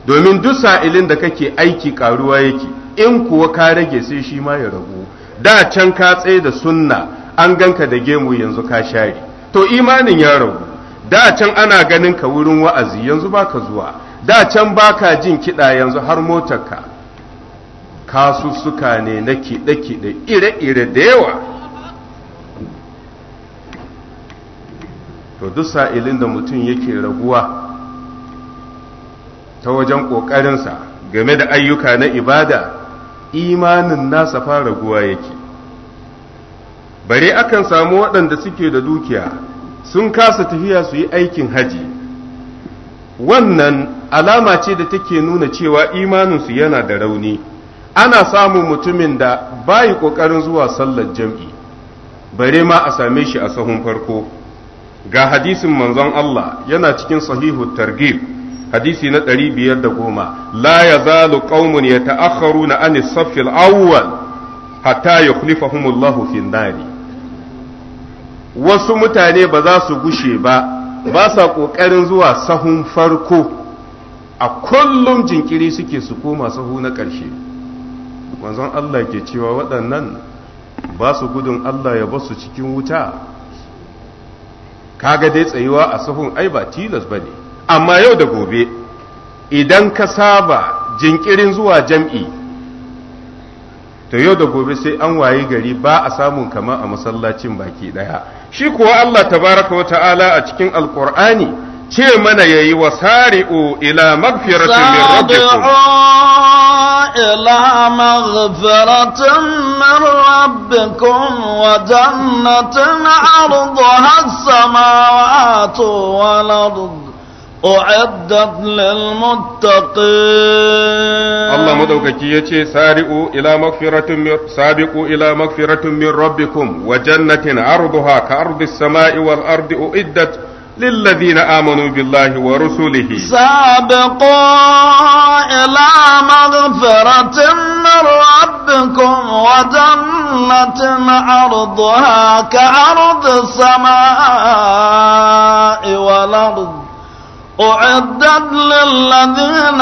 domin duk sa'ilin da kake aiki karuwa yake in kuwa ka rage sai shi ma ya ragu da can ka tsaye da sunna an ganka da gemu yanzu ka share to imanin ya ragu da can ana ganin ka wurin wa'azi yanzu baka zuwa da can baka jin kiɗa yanzu har motarka kasussuka ne na kiɗe-kiɗe ire-ire da yawa to duk sa'ilin da mutum yake raguwa ta wajen ƙoƙarinsa game da ayyuka na ibada imanin nasa fara guwa yake bare akan samu waɗanda suke da dukiya sun kasa tafiya su yi aikin haji wannan alama ce da take nuna cewa imaninsu yana da rauni ana samun mutumin da bayi ƙoƙarin zuwa sallar jam'i bare ma a same shi a sahun farko ga hadisin manzon Allah yana cikin sahihu targib hadisi na 510 la yazalu qaumun yata'akharuna an as-saff al-awwal hatta yukhlifahum Allah lahufin nari wasu mutane ba za su gushe ba ba sa ƙoƙarin zuwa sahun farko a kullum jinkiri suke su koma sahu na ƙarshe manzon Allah ke cewa waɗannan ba su gudun Allah ya basu cikin wuta kaga dai tsayuwa a sahun ai ba tilas ba ne. amma yau da gobe idan ka saba jinkirin zuwa jam'i to yau da gobe sai an wayi gari ba a samun kama a masallacin baki ɗaya shi kuwa Allah tabaraka wa ta'ala a cikin alkur'ani ce mana ya yayi wasari'u ila magfiratun min rabbikum ربكم وجنة عرضها السماوات والأرض أعدت للمتقين الله مدوك يتي سارئوا إلى مغفرة من سابقوا إلى مغفرة من ربكم وجنة عرضها كأرض السماء والأرض أعدت للذين آمنوا بالله ورسله سابقوا إلى مغفرة من ربكم وجنة عرضها كأرض السماء والأرض أعدت للذين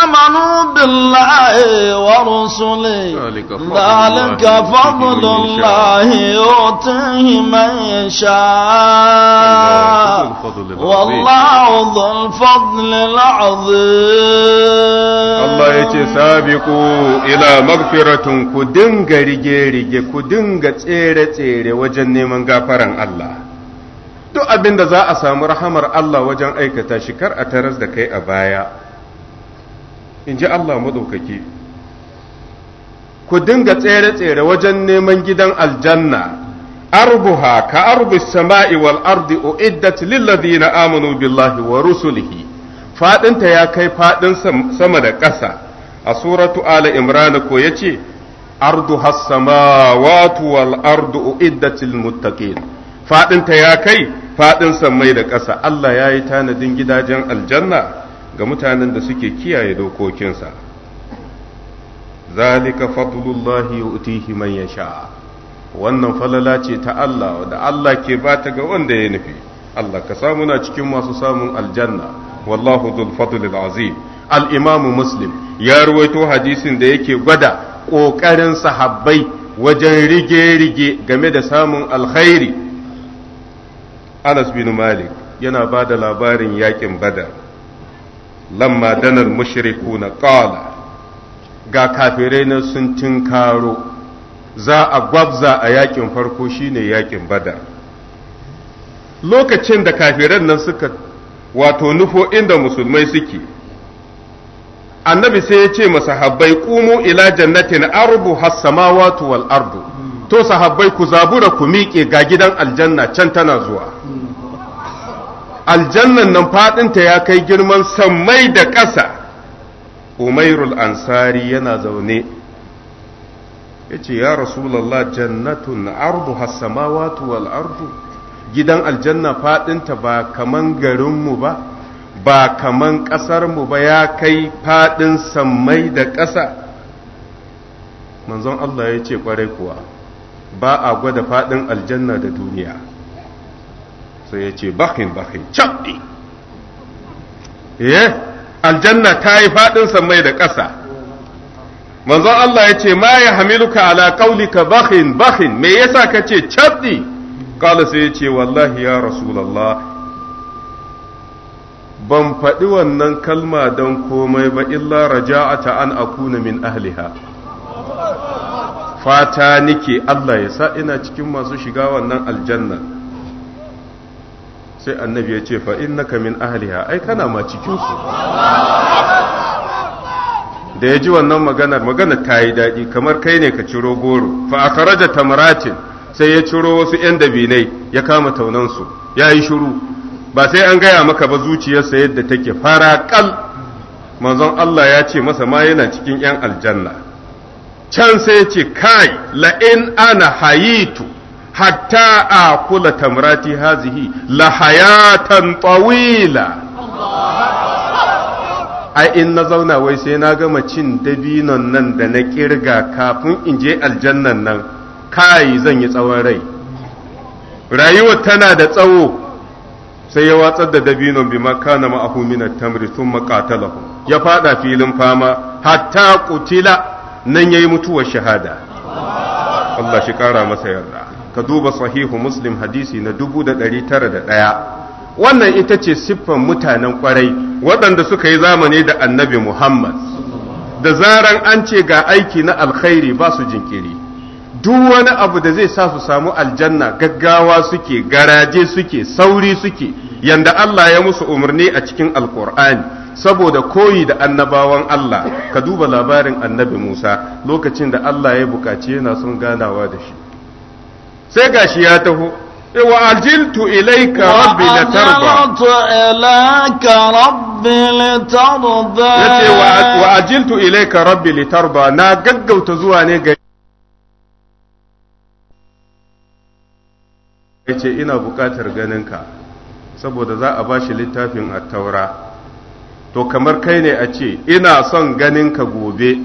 آمنوا بالله ورسله ذلك فضل الله يؤتيه من يشاء والله ذو الفضل العظيم الله يتي سابقوا إلى مغفرة كدنغ رجي رجي كدنغ تيري تيري وجنة من غفران الله duk abin da za a samu rahamar Allah wajen aikata shi kar a taras da kai a baya in ji Allah maɗaukaki ku dinga tsere-tsere wajen neman gidan aljanna arbuha ka arbu sama'i wal ardi uiddat na amanu billahi wa rusulihi faɗinta ya kai fadin sama da ƙasa a suratu ala imran ko yace arduhas samawati wal ardu uiddat lil muttaqin faɗinta ya kai faɗin mai da ƙasa Allah ya yi tanadin gidajen aljanna ga mutanen da suke kiyaye dokokinsa zalika fadlullahi yu'tihi man yasha wannan falala ce ta Allah da Allah ke bata ga wanda ya nufi Allah ka samu na cikin masu samun aljanna wallahu dhul fadlil azim al-imam muslim ya ruwaito hadisin da yake gwada ƙoƙarin sahabbai wajen rige-rige game da samun alkhairi anas bin malik yana ba da labarin yaƙin badar lamma danar mushriku na ƙala ga kafirai na sun tinkaro za a gwabza a yakin farko shine yakin badar lokacin da kafiran nan suka wato nufo inda musulmai suke annabi sai ya ce masa masahabbai ƙumo ila jannatin arbu has wato wal'ardu to sahabbai ku zabura ku miƙe ga gidan aljanna can tana zuwa aljannan nan faɗinta ya kai girman sammai da ƙasa umairul ansari yana zaune ya ce ya rasulallah jannatun ardu hassamawatu wal ardu gidan aljanna faɗinta ba kaman garinmu ba ba kaman ƙasarmu ba ya kai faɗin sammai da ƙasa manzon Allah ya ce kwarai kuwa ba a gwada faɗin aljanna da duniya sai ya ce bakin bakin cabɗi eh aljanna ta yi faɗin mai da ƙasa manzon Allah ya ce ma ya hamiluka ala qaulika bakin bakin me yasa ka ce cabɗi kala sai ya ce wallahi ya rasulallah ban faɗi wannan kalma don komai ba illa raja'ata an akuna min ahliha fata nike Allah ya sa ina cikin masu shiga wannan aljanna sai annabi ya ce fa innaka min ahliha ai kana ma cikin da ya ji wannan maganar maganar ta yi daɗi kamar kai ne ka ciro goro fa akhraja tamratin sai ya ciro wasu yan dabinai ya kama taunansu ya yi shiru ba sai an gaya maka ba zuciyarsa yadda take fara kal manzon Allah ya ce masa ma yana cikin yan aljanna can sai ce kai la'in ana hayitu hatta a kula tamrati hazihi la hayatan tawila ai in na zauna wai sai na gama cin dabinon nan da na kirga kafin in je aljannan nan kai zan yi tsawon rai rayuwar tana da tsawo sai ya watsar da dabinon bi makana ma'ahu min tamri thumma qatalahu ya fada filin fama hatta kutila. nan ya yi mutuwar shahada Allah shi kara masa yarda ka duba sahihu muslim hadisi na dubu da da tara 1901 wannan ita ce siffan mutanen kwarai waɗanda suka yi zamani da annabi Muhammad da zaran an ce ga aiki na alkhairi ba su jinkiri duk wani abu da zai sa su samu aljanna gaggawa suke garaje suke sauri suke yanda Allah ya musu umarni a cikin alkur'ani saboda koyi da annabawan Allah ka duba labarin annabi Musa lokacin da Allah ya bukaci yana son ganawa da shi sai gashi ya taho وعجلت إليك ربي لترضى وعجلت إليك ربي لترضى وعجلت إليك na gaggauta zuwa ne ga yace ina buƙatar ganinka saboda za a bashi littafin taura. to kamar kai ne a ce ina son ganin ka gobe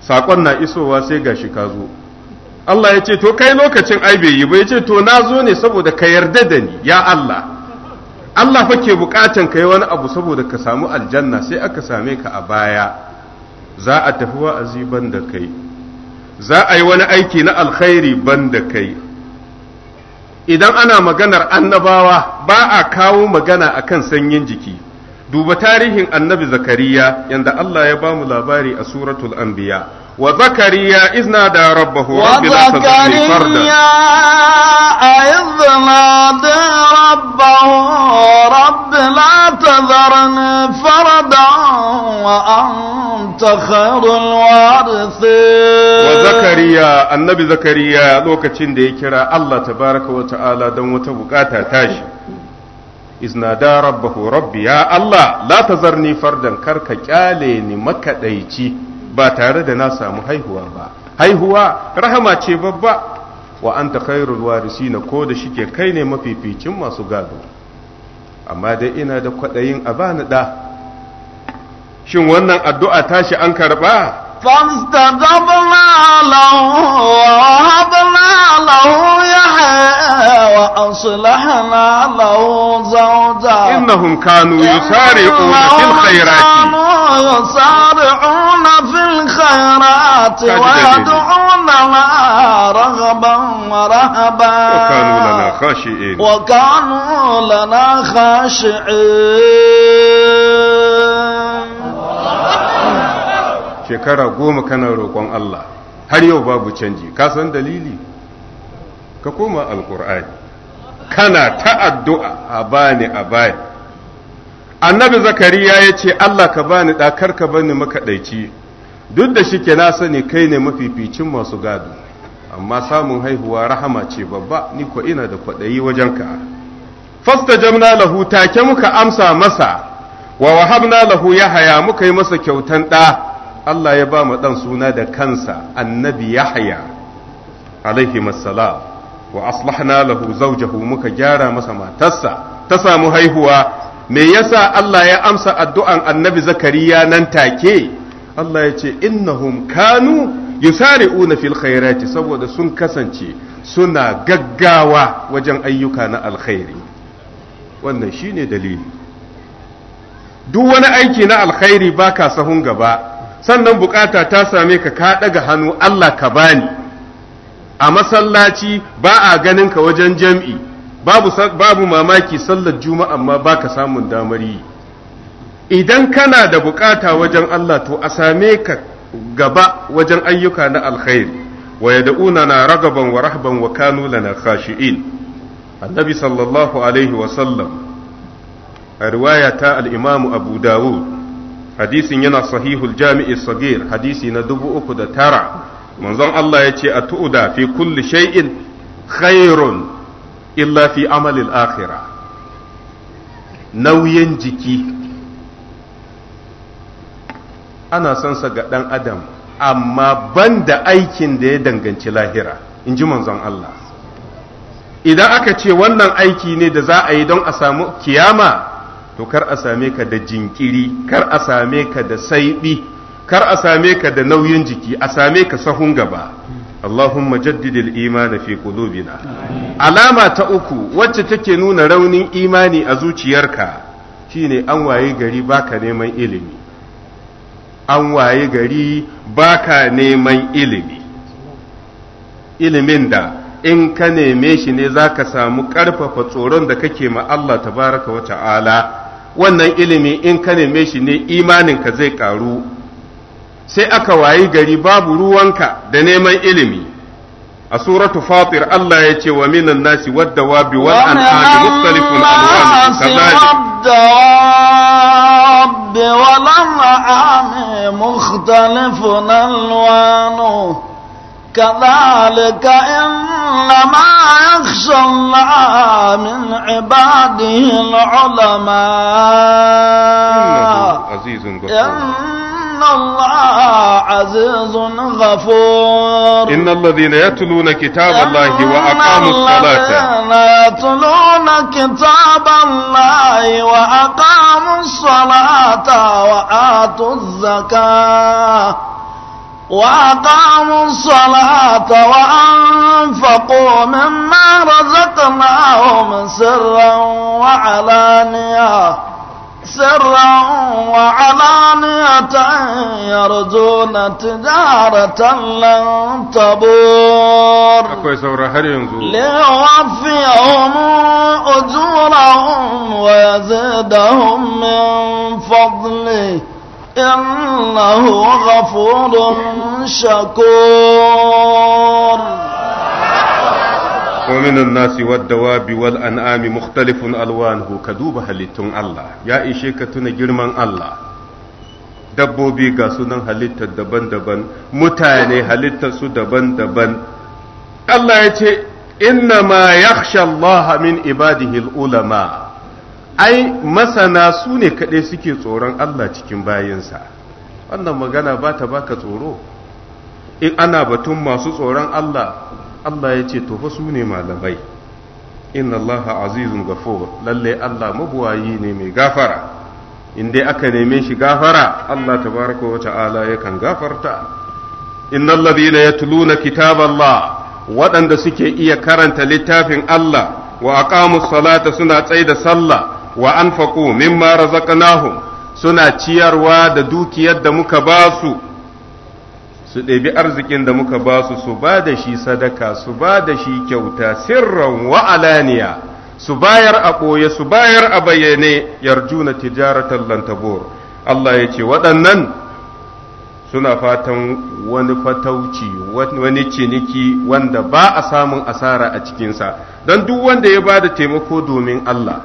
saƙon na isowa sai ga shi ka zo Allah ya ce to kai lokacin ai bai yi ba ya ce to na zo ne saboda ka yarda da ni ya Allah Allah fa ke bukatan ka yi wani abu saboda ka samu aljanna sai aka same ka a baya za a tafi wa'azi ban da kai za a yi wani aiki na alkhairi ban da kai idan ana maganar annabawa ba a kawo magana akan sanyin jiki duba tarihin annabi zakariya yanda Allah ya bamu labari a suratul anbiya wa zakariya izna da rabbahu rabbi la tazidni farda izna da rabbahu rabbi la tazarni farda wa anta khairul wa zakariya annabi zakariya lokacin da ya kira Allah tabaraka wa ta'ala don wata bukata tashi iznada rabbahu rabbi ya Allah la tazarni fardan ka kyale ni makadaici ba tare da na samu haihuwa ba haihuwa rahama ce babba wa anta khairul warisina ko da shike kai ne mafificin masu gado amma dai ina da kwadayin a bani da shin wannan addu'a tashi an karba فاستجبنا له وهبنا له يحيى وأصلحنا له زوجا إنهم كانوا يسارعون في الخيرات كانوا يسارعون في الخيرات ويدعوننا رغبا ورهبا وكانوا لنا خاشعين وكانوا لنا خاشعين shekara goma kana roƙon Allah har yau babu canji ka san dalili ka koma alkur'ani kana ta addu'a a bani a bani annabi zakariya ya ce Allah ka bani ɗakar ka bani makaɗaici duk da shike na sani kai ne mafificin masu gado amma samun haihuwa rahama ce babba ni ko ina da kwaɗayi wajenka fasta jamna lahu take muka amsa masa wa wahabna lahu haya muka yi masa kyautan ɗa Allah ya ba mu ɗan suna da kansa annabi Yahya alaihi masala wa aslahna lahu zawjahu muka gyara masa matarsa ta samu haihuwa me yasa Allah ya amsa addu'an annabi Zakariya nan take Allah ya ce innahum kanu yusari'una fil khairati saboda sun kasance suna gaggawa wajen ayyuka na alkhairi wannan shine dalili duk wani aiki na alkhairi baka sahun gaba sannan bukata ta same ka ka daga hannu Allah ka bani a masallaci ba a ganin ka wajen jam'i babu mamaki sallar juma'a amma baka samun damar yi idan kana da bukata wajen Allah to a same ka gaba wajen ayyuka na alkhairi wa yad'una na ragaban wa rahban wa kanu lana khashi'in annabi sallallahu alaihi wa sallam a riwaya ta al-imamu abu dawud hadisin yana sahihul jami'i sagir hadisi na dubu uku da tara manzon Allah ya ce a tu'uda fi kulli shay'in khairun illa fi amalil akhira nauyin jiki ana son sa ga ɗan adam amma banda aikin da ya danganci lahira in ji manzon Allah idan aka ce wannan aiki ne da za a yi don a samu kiyama to kar a same ka da jinkiri kar a same ka da saibi kar a same ka da nauyin jiki a same ka sahun gaba Allahumma jaddidil imani fi qulubina alama ta uku wacce take nuna raunin imani a zuciyarka shine an waye gari baka neman ilimi an waye gari baka neman ilimi ilimin da in ka neme shi ne zaka samu ƙarfafa tsoron da kake ma Allah tabaraka wa ta'ala wannan ilimi in ka neme shi ne imaninka zai ƙaru sai aka wayi gari babu ruwanka da neman ilimi a suratu fatir Allah ya ce wa minan nasi wadda wa bi an an'ami mustalifun alwanu kazalik wadda كذلك إنما يخشى الله من عباده العلماء إن الله عزيز غفور إن الذين يتلون كتاب الله وأقاموا الصلاة إن الذين يتلون كتاب الله وأقاموا الصلاة وآتوا الزكاة وأقاموا الصلاة وأنفقوا مما رزقناهم سرا وعلانية سرا وعلانية يرجون تجارة لن تبور ليوفيهم أجورهم ويزيدهم من فضله إنه غفور شكور ومن الناس والدواب والأنعام مختلف ألوانه Allah. Ya الله يا إشيكة girman الله dabbobi ga sunan halittar daban-daban mutane halittar su daban-daban Allah ya ce inna ma yakhsha Allah min ibadihi ulama ai masana su ne kaɗai suke tsoron Allah cikin bayansa. wannan magana ba ta baka tsoro in ana batun masu tsoron Allah Allah ya ce to su ne malamai inna Allah azizun gafur lalle Allah mabuwayi ne mai gafara in dai aka neme shi gafara Allah tabaraka wa ta'ala yakan gafarta inna alladhina yatluna kitaballah waɗanda suke iya karanta littafin Allah wa aqamu salata suna tsaida sallah wa anfaqu mimma razaqnahum suna ciyarwa da dukiyar da muka ba su su arzikin da muka ba su su ba da shi sadaka su ba da shi kyauta sirran wa alaniya su bayar a ɓoye su bayar a bayyane yarjuna tijaratan lantabur. Allah ya ce waɗannan suna fatan wani fatauci wani ciniki wanda ba a samun asara a cikinsa don duk wanda ya ba da taimako domin Allah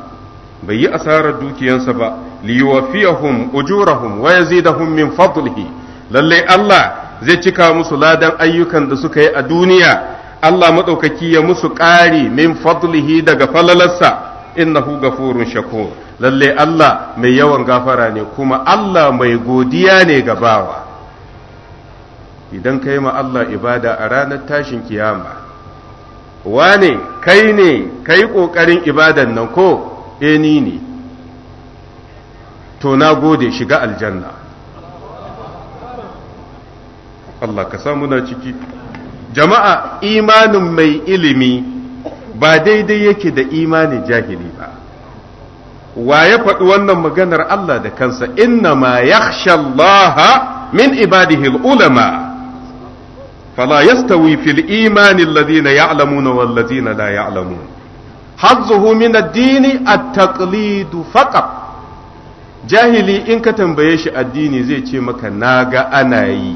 bai yi asarar dukiyansa ba liyuwafiyahum ujurahum wa yazidahum min fadlihi lalle Allah zai cika musu ladan ayyukan da suka yi a duniya Allah madaukaki ya musu ƙari min fadlihi daga falalarsa innahu gafurun shakur lalle Allah mai yawan gafara ne kuma Allah mai godiya ne ga bawa idan kai ma Allah ibada a ranar tashin kiyama wane kai ne kai ƙoƙarin ibadan nan ko eh ni ne to na gode shiga aljanna Allah ka samu na ciki jama'a imanin mai ilimi ba daidai yake da imanin jahili ba wa ya faɗi wannan maganar Allah da kansa inna ma yakhsha Allah min ibadihi ulama فلا يستوي في الإيمان الذين يعلمون والذين لا يعلمون hazzuhu addini a taqlidu faqat jahili in ka tambaye shi addini zai ce maka na ga ana yi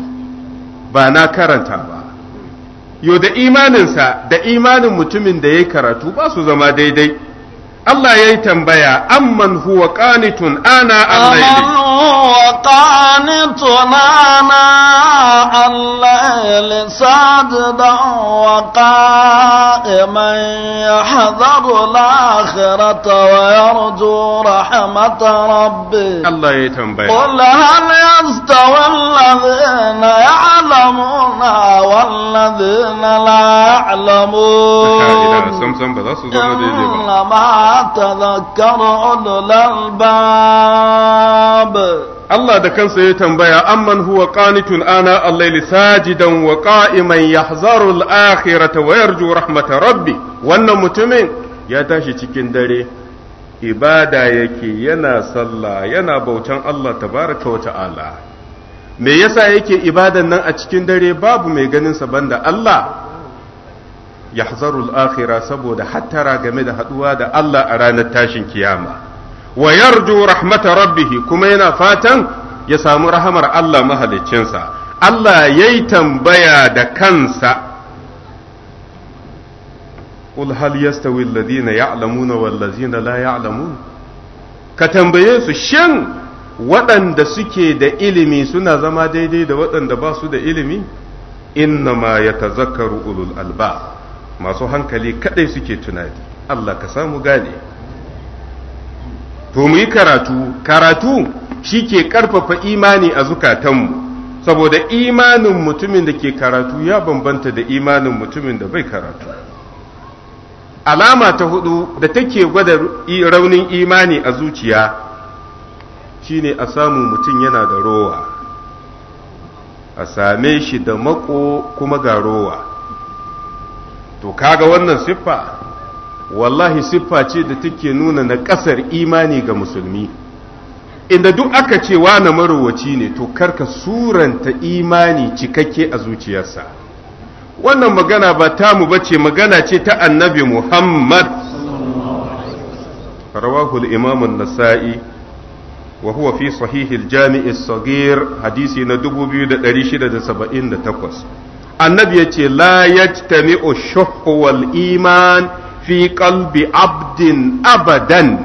ba na karanta ba Yau da imaninsa da imanin mutumin da ya karatu ba su zama daidai Allah ya yi tambaya, amman huwa qanitun ana Allah huwa qanitun ana Allah sajidan wa qa'iman yahzaru al-akhirata wa yarju rahmat rabbi Allah ya yi tambaya. Qul hal yastawi alladhina ya'lamun العلماء والذين لا يعلمون إنما تذكر أولو الألباب Allah da kansa ya tambaya amman huwa qanitun ana al-layli sajidan wa qa'iman yahzaru al-akhirata wa yarju rahmata rabbi wannan mutumin ya tashi cikin dare ibada yake yana sallah yana bautan Allah tabaraka wa ta'ala me yasa yake ibadan nan a cikin dare babu mai ganin sa banda Allah yahzarul akhira saboda hattara game da haduwa da Allah a ranar tashin kiyama wa yarju rahmata rabbih kuma yana fatan ya samu rahamar Allah mahaliccinsa Allah yayi tambaya da kansa qul hal yastawi alladhina ya'lamuna wal ladhina la ya'lamun ka tambaye su shin waɗanda suke da ilimi suna zama daidai da waɗanda ba su da ilimi ma ya tazakaru ulul alba masu hankali kaɗai suke tunani Allah ka samu gane to mu yi karatu karatu shi ke ƙarfafa imani a zukatanmu saboda imanin mutumin da ke karatu ya bambanta da imanin mutumin da bai karatu alama ta hudu da take gwada raunin imani a zuciya shine a samu mutum yana da rowa a same shi da mako kuma ga rowa to kaga wannan siffa wallahi siffa ce da take nuna na ƙasar imani ga musulmi inda duk aka ce na marowaci ne to karka suranta imani cikakke a zuciyarsa wannan magana ba tamu bace magana ce ta annabi muhammad rawahu al-imam an-nasa'i wa huwa fi sahihil sagir hadisi na 2678 annabi ya ce la yajtami'u shuhu iman fi qalbi abdin abadan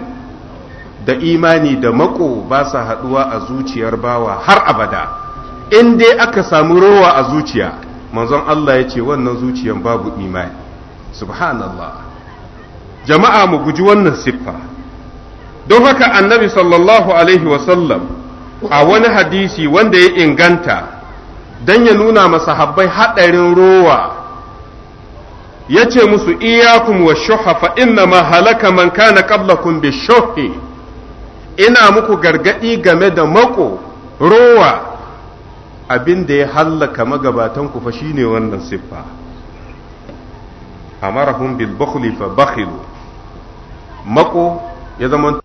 da imani da mako ba sa haduwa a zuciyar bawa har abada in dai aka samu rowa a zuciya manzon Allah ya ce wannan zuciyan babu imani subhanallah jama'a mu guji wannan siffa don haka annabi sallallahu alaihi wasallam a wani hadisi wanda ya inganta don ya nuna masahabbai haɗarin rowa ya ce musu iyakun wa shuha fa inna ma halaka man kana qablakum bi shuhi ina muku gargaɗi game da mako rowa abin da ya hallaka magabatanku fa shine wannan siffa amarahum bil bukhli fa bakhilu mako ya zama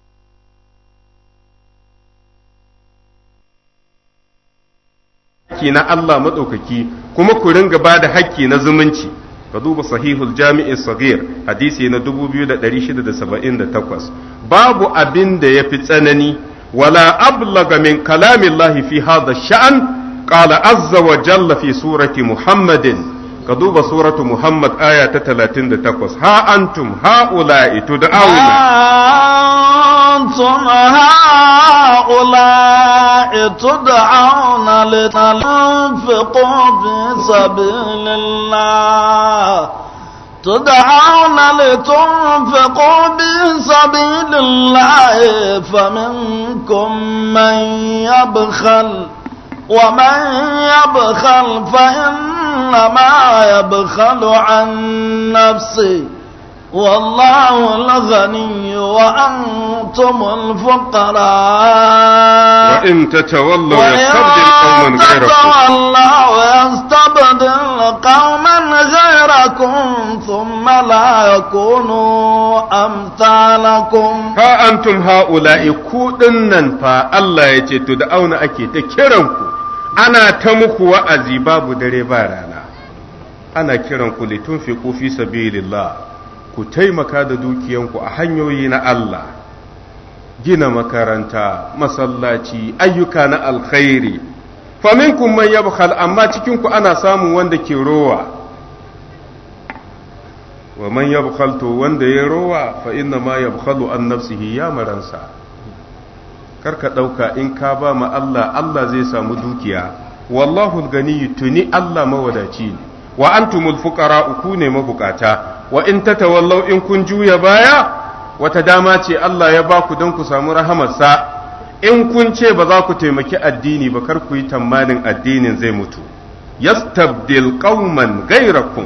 hakki na Allah maɗaukaki kuma ku ringa ba da hakki na zumunci ka duba sahihul jami'i sagir hadisi na 2678 babu abin da ya fi tsanani wala ablaga min kalamillahi fi hadha sha'an qala azza wa jalla fi surati muhammadin ka duba suratu muhammad aya ta 38 ha antum ha'ula'i tud'auna أنتم هؤلاء تدعون لتنفقوا في سبيل الله تدعون لتنفقوا في سبيل الله فمنكم من يبخل ومن يبخل فإنما يبخل عن نفسه والله الغني وأنت أنتم الفقراء وإن تتولوا يستبدل قوما غيركم تتولوا قوما غيركم ثم لا يكونوا أمثالكم ها أنتم هؤلاء كودنا فالله يتدعون أكي أكيد أنا تمكوا وأزي باب دريبارانا أنا كرمكم لتنفقوا في سبيل الله ku taimaka da dukiyanku a hanyoyi na Allah gina makaranta masallaci ayyuka na alkhairi faminkum man yabkhal amma cikin ana samun wanda ke rowa wa man yabkhal to wanda ya rowa fa inna ma yabkhalu an nafsihi ya maransa karka dauka in ka ba ma Allah Allah zai samu dukiya wallahu al tuni Allah mawadaci ne wa antumul fuqara ku ne mabukata wa in tatawallau in kun juya baya wata dama ce Allah ya ba ku don ku samu rahamarsa in kun ce ba za ku taimaki addini ba kar ku yi tammanin addinin zai mutu yastabdil qauman gairakum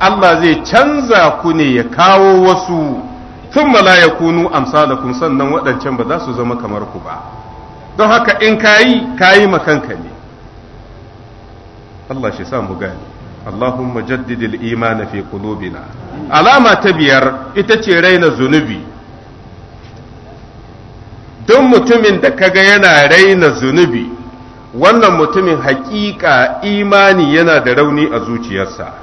Allah zai canza ku ne ya kawo wasu thumma la yakunu amsalakum sannan waɗancan ba za su zama kamar ku ba don haka in kayi kayi makanka ne Allah shi sa mu gane Allahumma jaddidil imana fi qulubina alama ta biyar ita ce raina zunubi don mutumin da kaga yana raina zunubi wannan mutumin hakika imani yana da rauni a zuciyarsa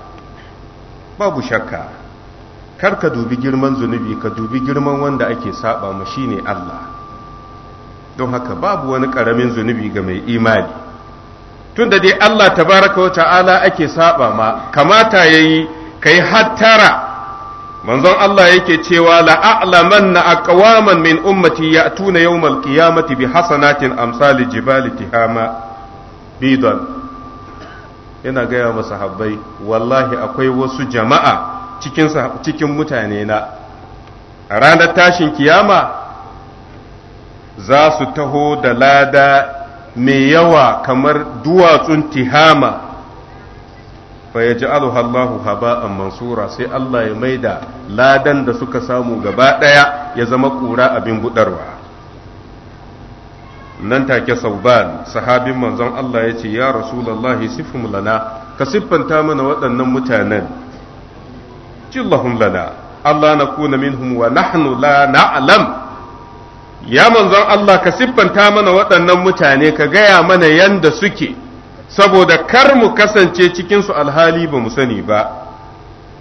babu shakka kar ka dubi girman zunubi ka dubi girman wanda ake saɓa ma shine Allah don haka babu wani ƙaramin zunubi ga mai imani Tun da dai Allah tabaraka wa ta'ala ake saba ma kamata yayi kai hattara manzon Allah yake cewa a'lamanna aqwaman min ummati ya'tuna yawmal qiyamati bi hasanatin amsali jibali tihama bidan yana gaya masa sahabbai wallahi akwai wasu jama'a cikin cikin mutane na ranar tashin kiyama za su taho da lada mai yawa kamar duwatsun tihama fa ya ja'aluha Allahu haba'an mansura sai Allah ya maida ladan da suka samu gaba ɗaya ya zama ƙura abin buɗarwa nan take sauban sahabin manzon Allah ya ce ya rasulallahi sifhum lana ka siffanta mana waɗannan mutanen jillahum lana Allah na kuna minhum wa nahnu la na'lam ya manzon Allah ka siffanta mana waɗannan mutane ka gaya mana yanda suke saboda kar mu kasance cikinsu alhali ba mu sani ba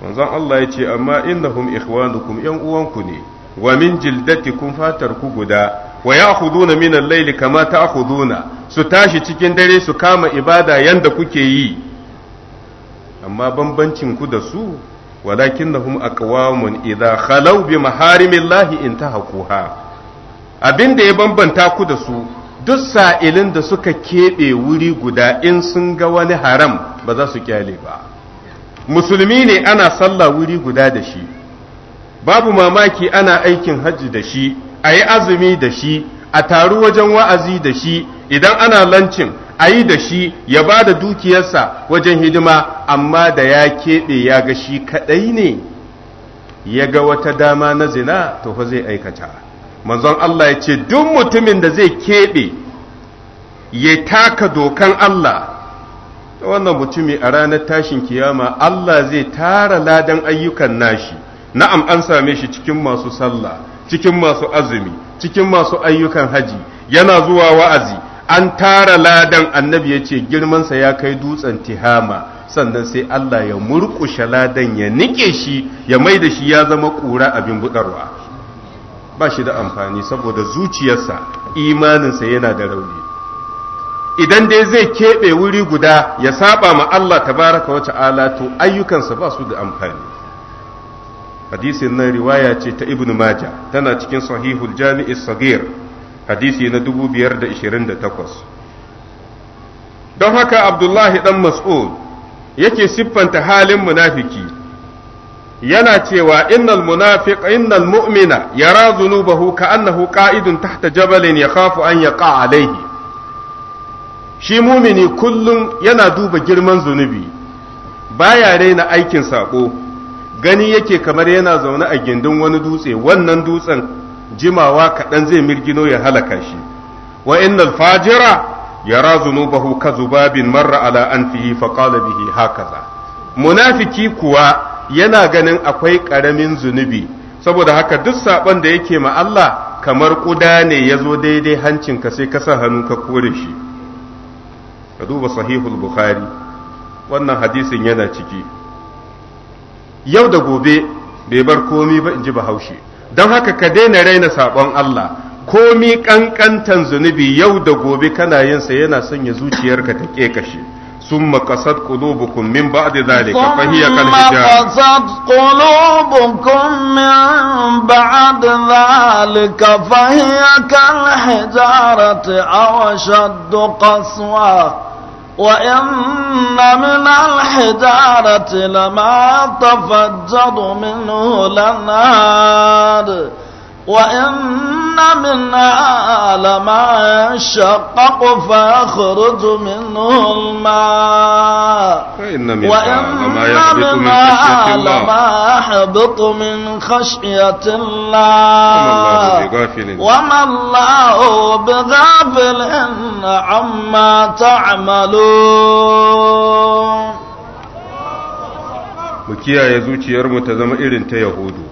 manzon Allah ya ce amma innahum ikhwanukum yan uwanku ne wa min jildatikum fatar ku guda wa ya'khuduna min al-layli kama ta'khuduna su tashi cikin dare su kama ibada yanda kuke yi amma bambancin ku da su walakinnahum aqwamun idha khalaw bi maharimillahi intahaquha abin da ya bambanta ku da su duk sa'ilin da suka keɓe wuri guda in sun ga wani haram ba za su kyale ba musulmi ne ana sallah wuri guda da shi babu mamaki ana aikin hajji da shi a yi azumi da shi a taru wajen wa'azi da shi idan ana lancin a yi da shi ya ba da dukiyarsa wajen hidima amma da ya keɓe ya ga shi kaɗai ne ya ga wata dama na zina to fa zai aikata manzon Allah ya ce duk mutumin da zai keɓe ya taka dokan Allah wannan mutumi a ranar tashin kiyama Allah zai tara ladan ayyukan nashi na'am an same shi cikin masu sallah cikin masu azumi cikin masu ayyukan haji yana zuwa wa'azi an tara ladan annabi ya ce girmansa ya kai dutsen tihama sannan sai Allah ya murƙushe ladan ya nike shi ya mai da shi ya zama ƙura abin buɗarwa ba shi da amfani saboda zuciyarsa imaninsa yana da rauni idan dai zai keɓe wuri guda ya saba ma Allah tabaraka wa ta'ala to ayyukansa ba su da amfani hadisin na riwaya ce ta ibnu maja tana cikin sahihul jami'i sagir hadisi na 528 don haka abdullahi dan mas'ud yake siffanta halin munafiki yana cewa innal munafiq innal mu'mina yara zunubahu ka'annahu qa'idun tahta jabalin yakhafu an yaqa alayhi shi mumini kullum yana duba girman zunubi baya raina aikin sako gani yake kamar yana zaune a gindin wani dutse wannan dutsen jimawa kaɗan zai mirgino ya halaka shi wa innal fajira yara zunubahu ka zubabin marra ala anfihi faqala bihi hakaza munafiki kuwa yana ganin akwai ƙaramin zunubi saboda haka duk saɓon da yake ma Allah kamar ƙuda ne ya zo daidai hancinka sai ka sa hannu ka kore shi ka duba sahihul bukhari wannan hadisin yana ciki yau da gobe bai bar komi ba in ji bahaushe don haka ka daina raina saɓon Allah komi ƙanƙantan zunubi yau da gobe kana yinsa yana sanya zuciyarka ta ƙeƙashe ثم قصد قلوبكم من بعد ذلك فهي كالحجارة ثم قصد قلوبكم من بعد ذلك فهي كالحجارة أو أشد قسوة وإن من الحجارة لما تفجر منه الأنهار وإن منها لما يشقق فيخرج منه الماء وإن منها لما يحبط من خشية الله وما الله بغافل عما تعملون مكيا kiyaye يرمو تزم zama irin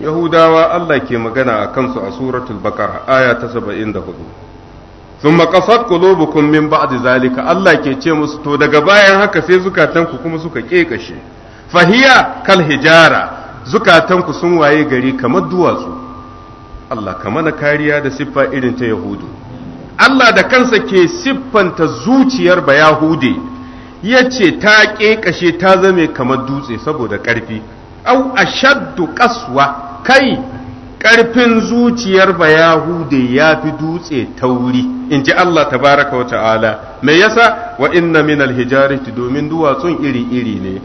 yahudawa Allah ke magana a kansu a suratul baqara aya ta 74 thumma qasat qulubukum min ba'di zalika Allah ke ce musu to daga bayan haka sai zukatanku kuma suka kekashe fahiya kal hijara zukatanku sun waye gari kamar duwatsu Allah ka kariya da siffa irin ta yahudu Allah da kansa ke siffanta zuciyar ba yahude ya ce ta ƙeƙashe ta zame kamar dutse saboda ƙarfi au ashaddu kaswa kai ƙarfin zuciyar bayahude ya fi dutse tauri in ji Allah tabaraka wa ta'ala me yasa wa inna min alhijarati domin duwatsun iri-iri ne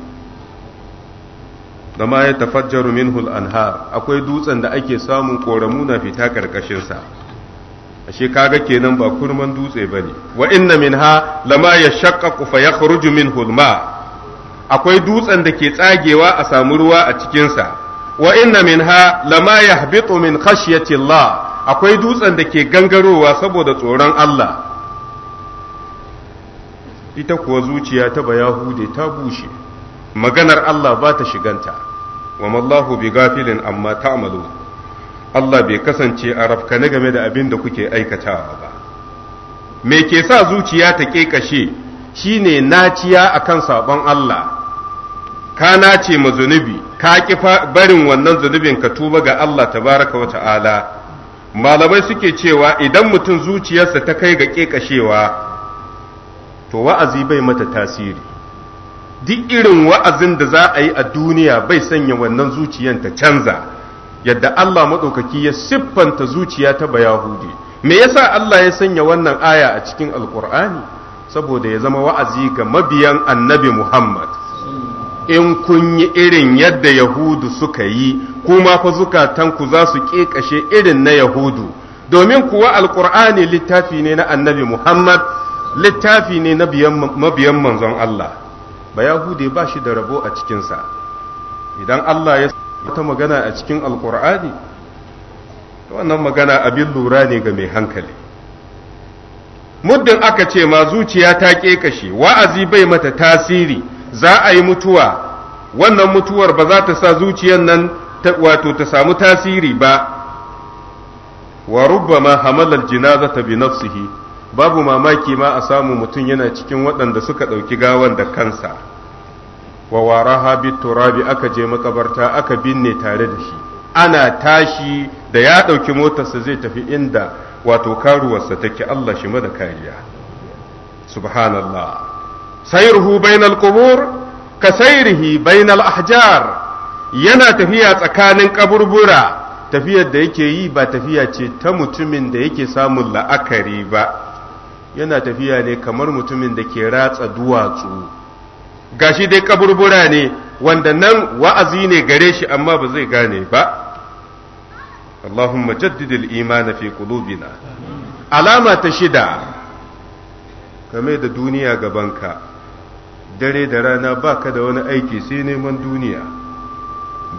da ma ya tafajjaru minhul anhar akwai dutsen da ake samun ƙoramu na fita ƙarƙashinsa ashe kaga kenan ba kurman dutse bane wa inna minha lama yashaqqaqu fa yakhruju minhu al-ma' akwai dutsen da ke tsagewa a samu ruwa a cikinsa wa inna minha lama yahbitu min khashyati akwai dutsen da ke gangarowa saboda tsoron Allah ita kuwa zuciya ta bayahude ta bushe maganar Allah ba ta shiganta wa mallahu bi gafilin amma ta'malu Allah bai kasance a rafkane game da abin da kuke aikatawa ba me ke sa zuciya ta kekashe shine naciya akan sabon Allah ka nace ma zunubi ka ki barin wannan zunubin ka tuba ga Allah tabaraka wa ta'ala malamai suke cewa idan mutum zuciyarsa ta kai ga ƙeƙashewa to wa'azi bai mata tasiri duk irin wa'azin da za a yi a duniya bai sanya wannan zuciyar ta canza yadda Allah maɗaukaki ya siffanta zuciya ta bayahudi me yasa Allah ya sanya wannan aya a cikin alƙur'ani saboda ya zama wa'azi ga mabiyan annabi Muhammad in kun yi irin yadda yahudu suka yi kuma fa zukatanku za su ƙeƙashe irin na yahudu domin kuwa alƙur'ani littafi ne na annabi muhammad littafi ne na mabiyan manzon allah ba yahude ba shi da rabo a cikinsa idan allah ya ta magana a cikin alƙur'ani wannan magana abin lura ne ga mai hankali muddin aka ce ma zuciya ta ƙeƙashe wa'azi bai mata tasiri za a yi mutuwa wannan mutuwar ba za ta sa zuciyar nan wato ta samu tasiri ba wa rubbama hamalal jinazata bi nafsihi babu mamaki ma a samu mutum yana cikin waɗanda suka ɗauki gawan da kansa wa waraha bi turabi aka je makabarta aka binne tare da shi ana tashi da ya ɗauki motarsa zai tafi inda wato karuwarsa take Allah shi mada kariya subhanallah sayruhu bainal qubur ka sayrihi bainal ahjar yana tafiya tsakanin kaburbura tafiyar da yake yi ba tafiya ce ta mutumin da yake samun la'akari ba yana tafiya ne kamar mutumin da ke ratsa duwatsu gashi dai kaburbura ne wanda nan wa'azi ne gare shi amma ba zai gane ba اللهم جدد imana fi qulubina alama ta shida game da duniya gabanka dare da rana ba ka da wani aiki sai neman duniya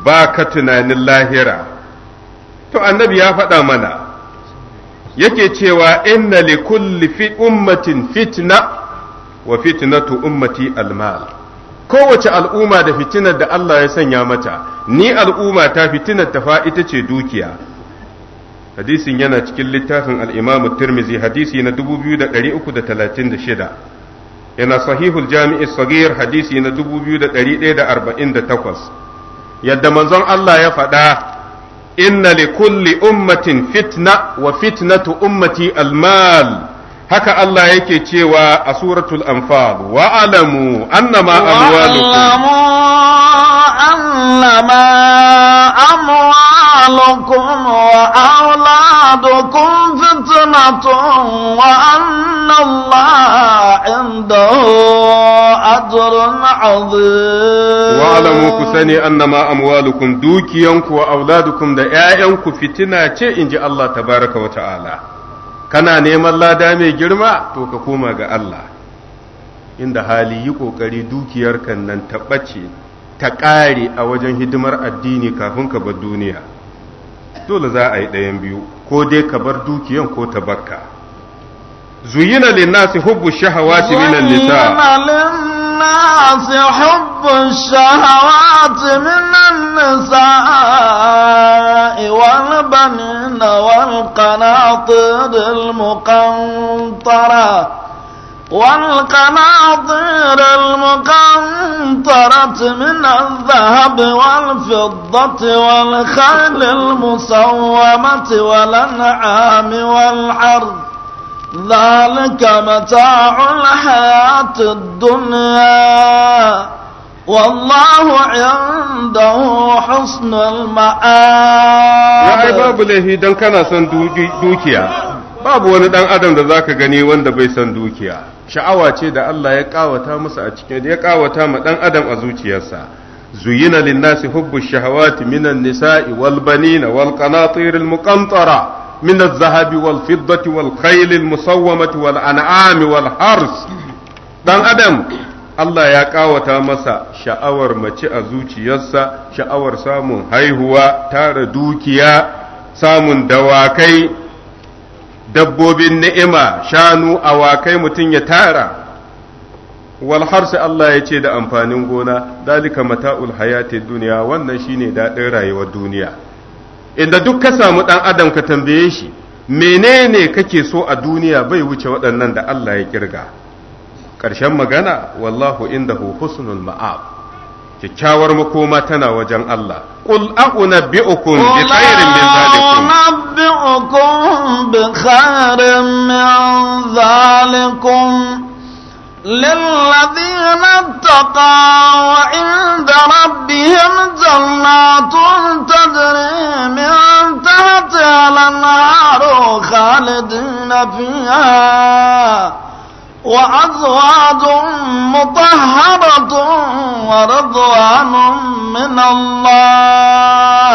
ba ka tunanin lahira to annabi ya faɗa mana yake cewa inna li kulli fi ummatin fitna wa fitnatu ummati almal kowace al'umma da fitinar da Allah ya sanya mata ni al'umma ta fitinar ta fa ita ce dukiya hadisin yana cikin littafin al-Imam tirmizi hadisi na 2336 yana sahihul jami'i sagir hadisi na 2148 yadda manzon Allah ya faɗa inna li kulli ummatin fitna wa fitnatu ummati almal haka Allah yake cewa a suratul anfal wa alamu annama amwalukum annama amwalukum wa بعضكم فتنة وأن الله عنده أجر عظيم واعلموا كسني أنما أموالكم دوكيانكم وأولادكم دعائكم فتنة إن جاء الله تبارك وتعالى kana neman lada mai girma to ka koma ga Allah inda hali yi ƙoƙari dukiyarka nan ta ɓace ta ƙare a wajen hidimar addini kafin ka bar duniya dole za a yi ɗayan biyu ko dai ka bar dukiyan ko ta baka zuyina lil nasi shahawa, shahawati min al nisa zuyina lil nasi hubbu shahawati min al nisa wa al banina والقناطير المقنطرة من الذهب والفضة والخيل المسومة والأنعام والعرض ذلك متاع الحياة الدنيا والله عنده حسن المآل يا باب لهي دان كان سن دوكيا babu wani dan adam da zaka gani wanda bai san dukiya sha'awa ce da Allah ya kawata masa a cikin ya kawata ma dan adam a zuciyarsa zuyina linnasi hubbu shahawati minan nisa'i wal banina wal qanatir al muqantara min al zahabi wal fiddati wal khayl al musawwamati wal an'ami wal hars dan adam Allah ya kawata masa sha'awar mace a zuciyarsa sha'awar samun haihuwa tara dukiya samun dawakai dabbobin ni'ima shanu awakai mutum ya tara wal Allah ya ce da amfanin gona dalika mata'ul hayati duniya wannan shine daɗin rayuwar duniya inda duk ka samu ɗan adam ka tambaye shi menene kake so a duniya bai wuce waɗannan da Allah ya kirga Karshen magana wallahu indahu husnul ma'ab kyakkyawar makoma tana wajen Allah qul a'unabbi'ukum bi khairin min zalikum a'unabbi'ukum bi khairin min zalikum للذين اتقوا عند ربهم جنات تجري من تحتها الانهار خالدين فيها وأزواج مطهرة ورضوان من الله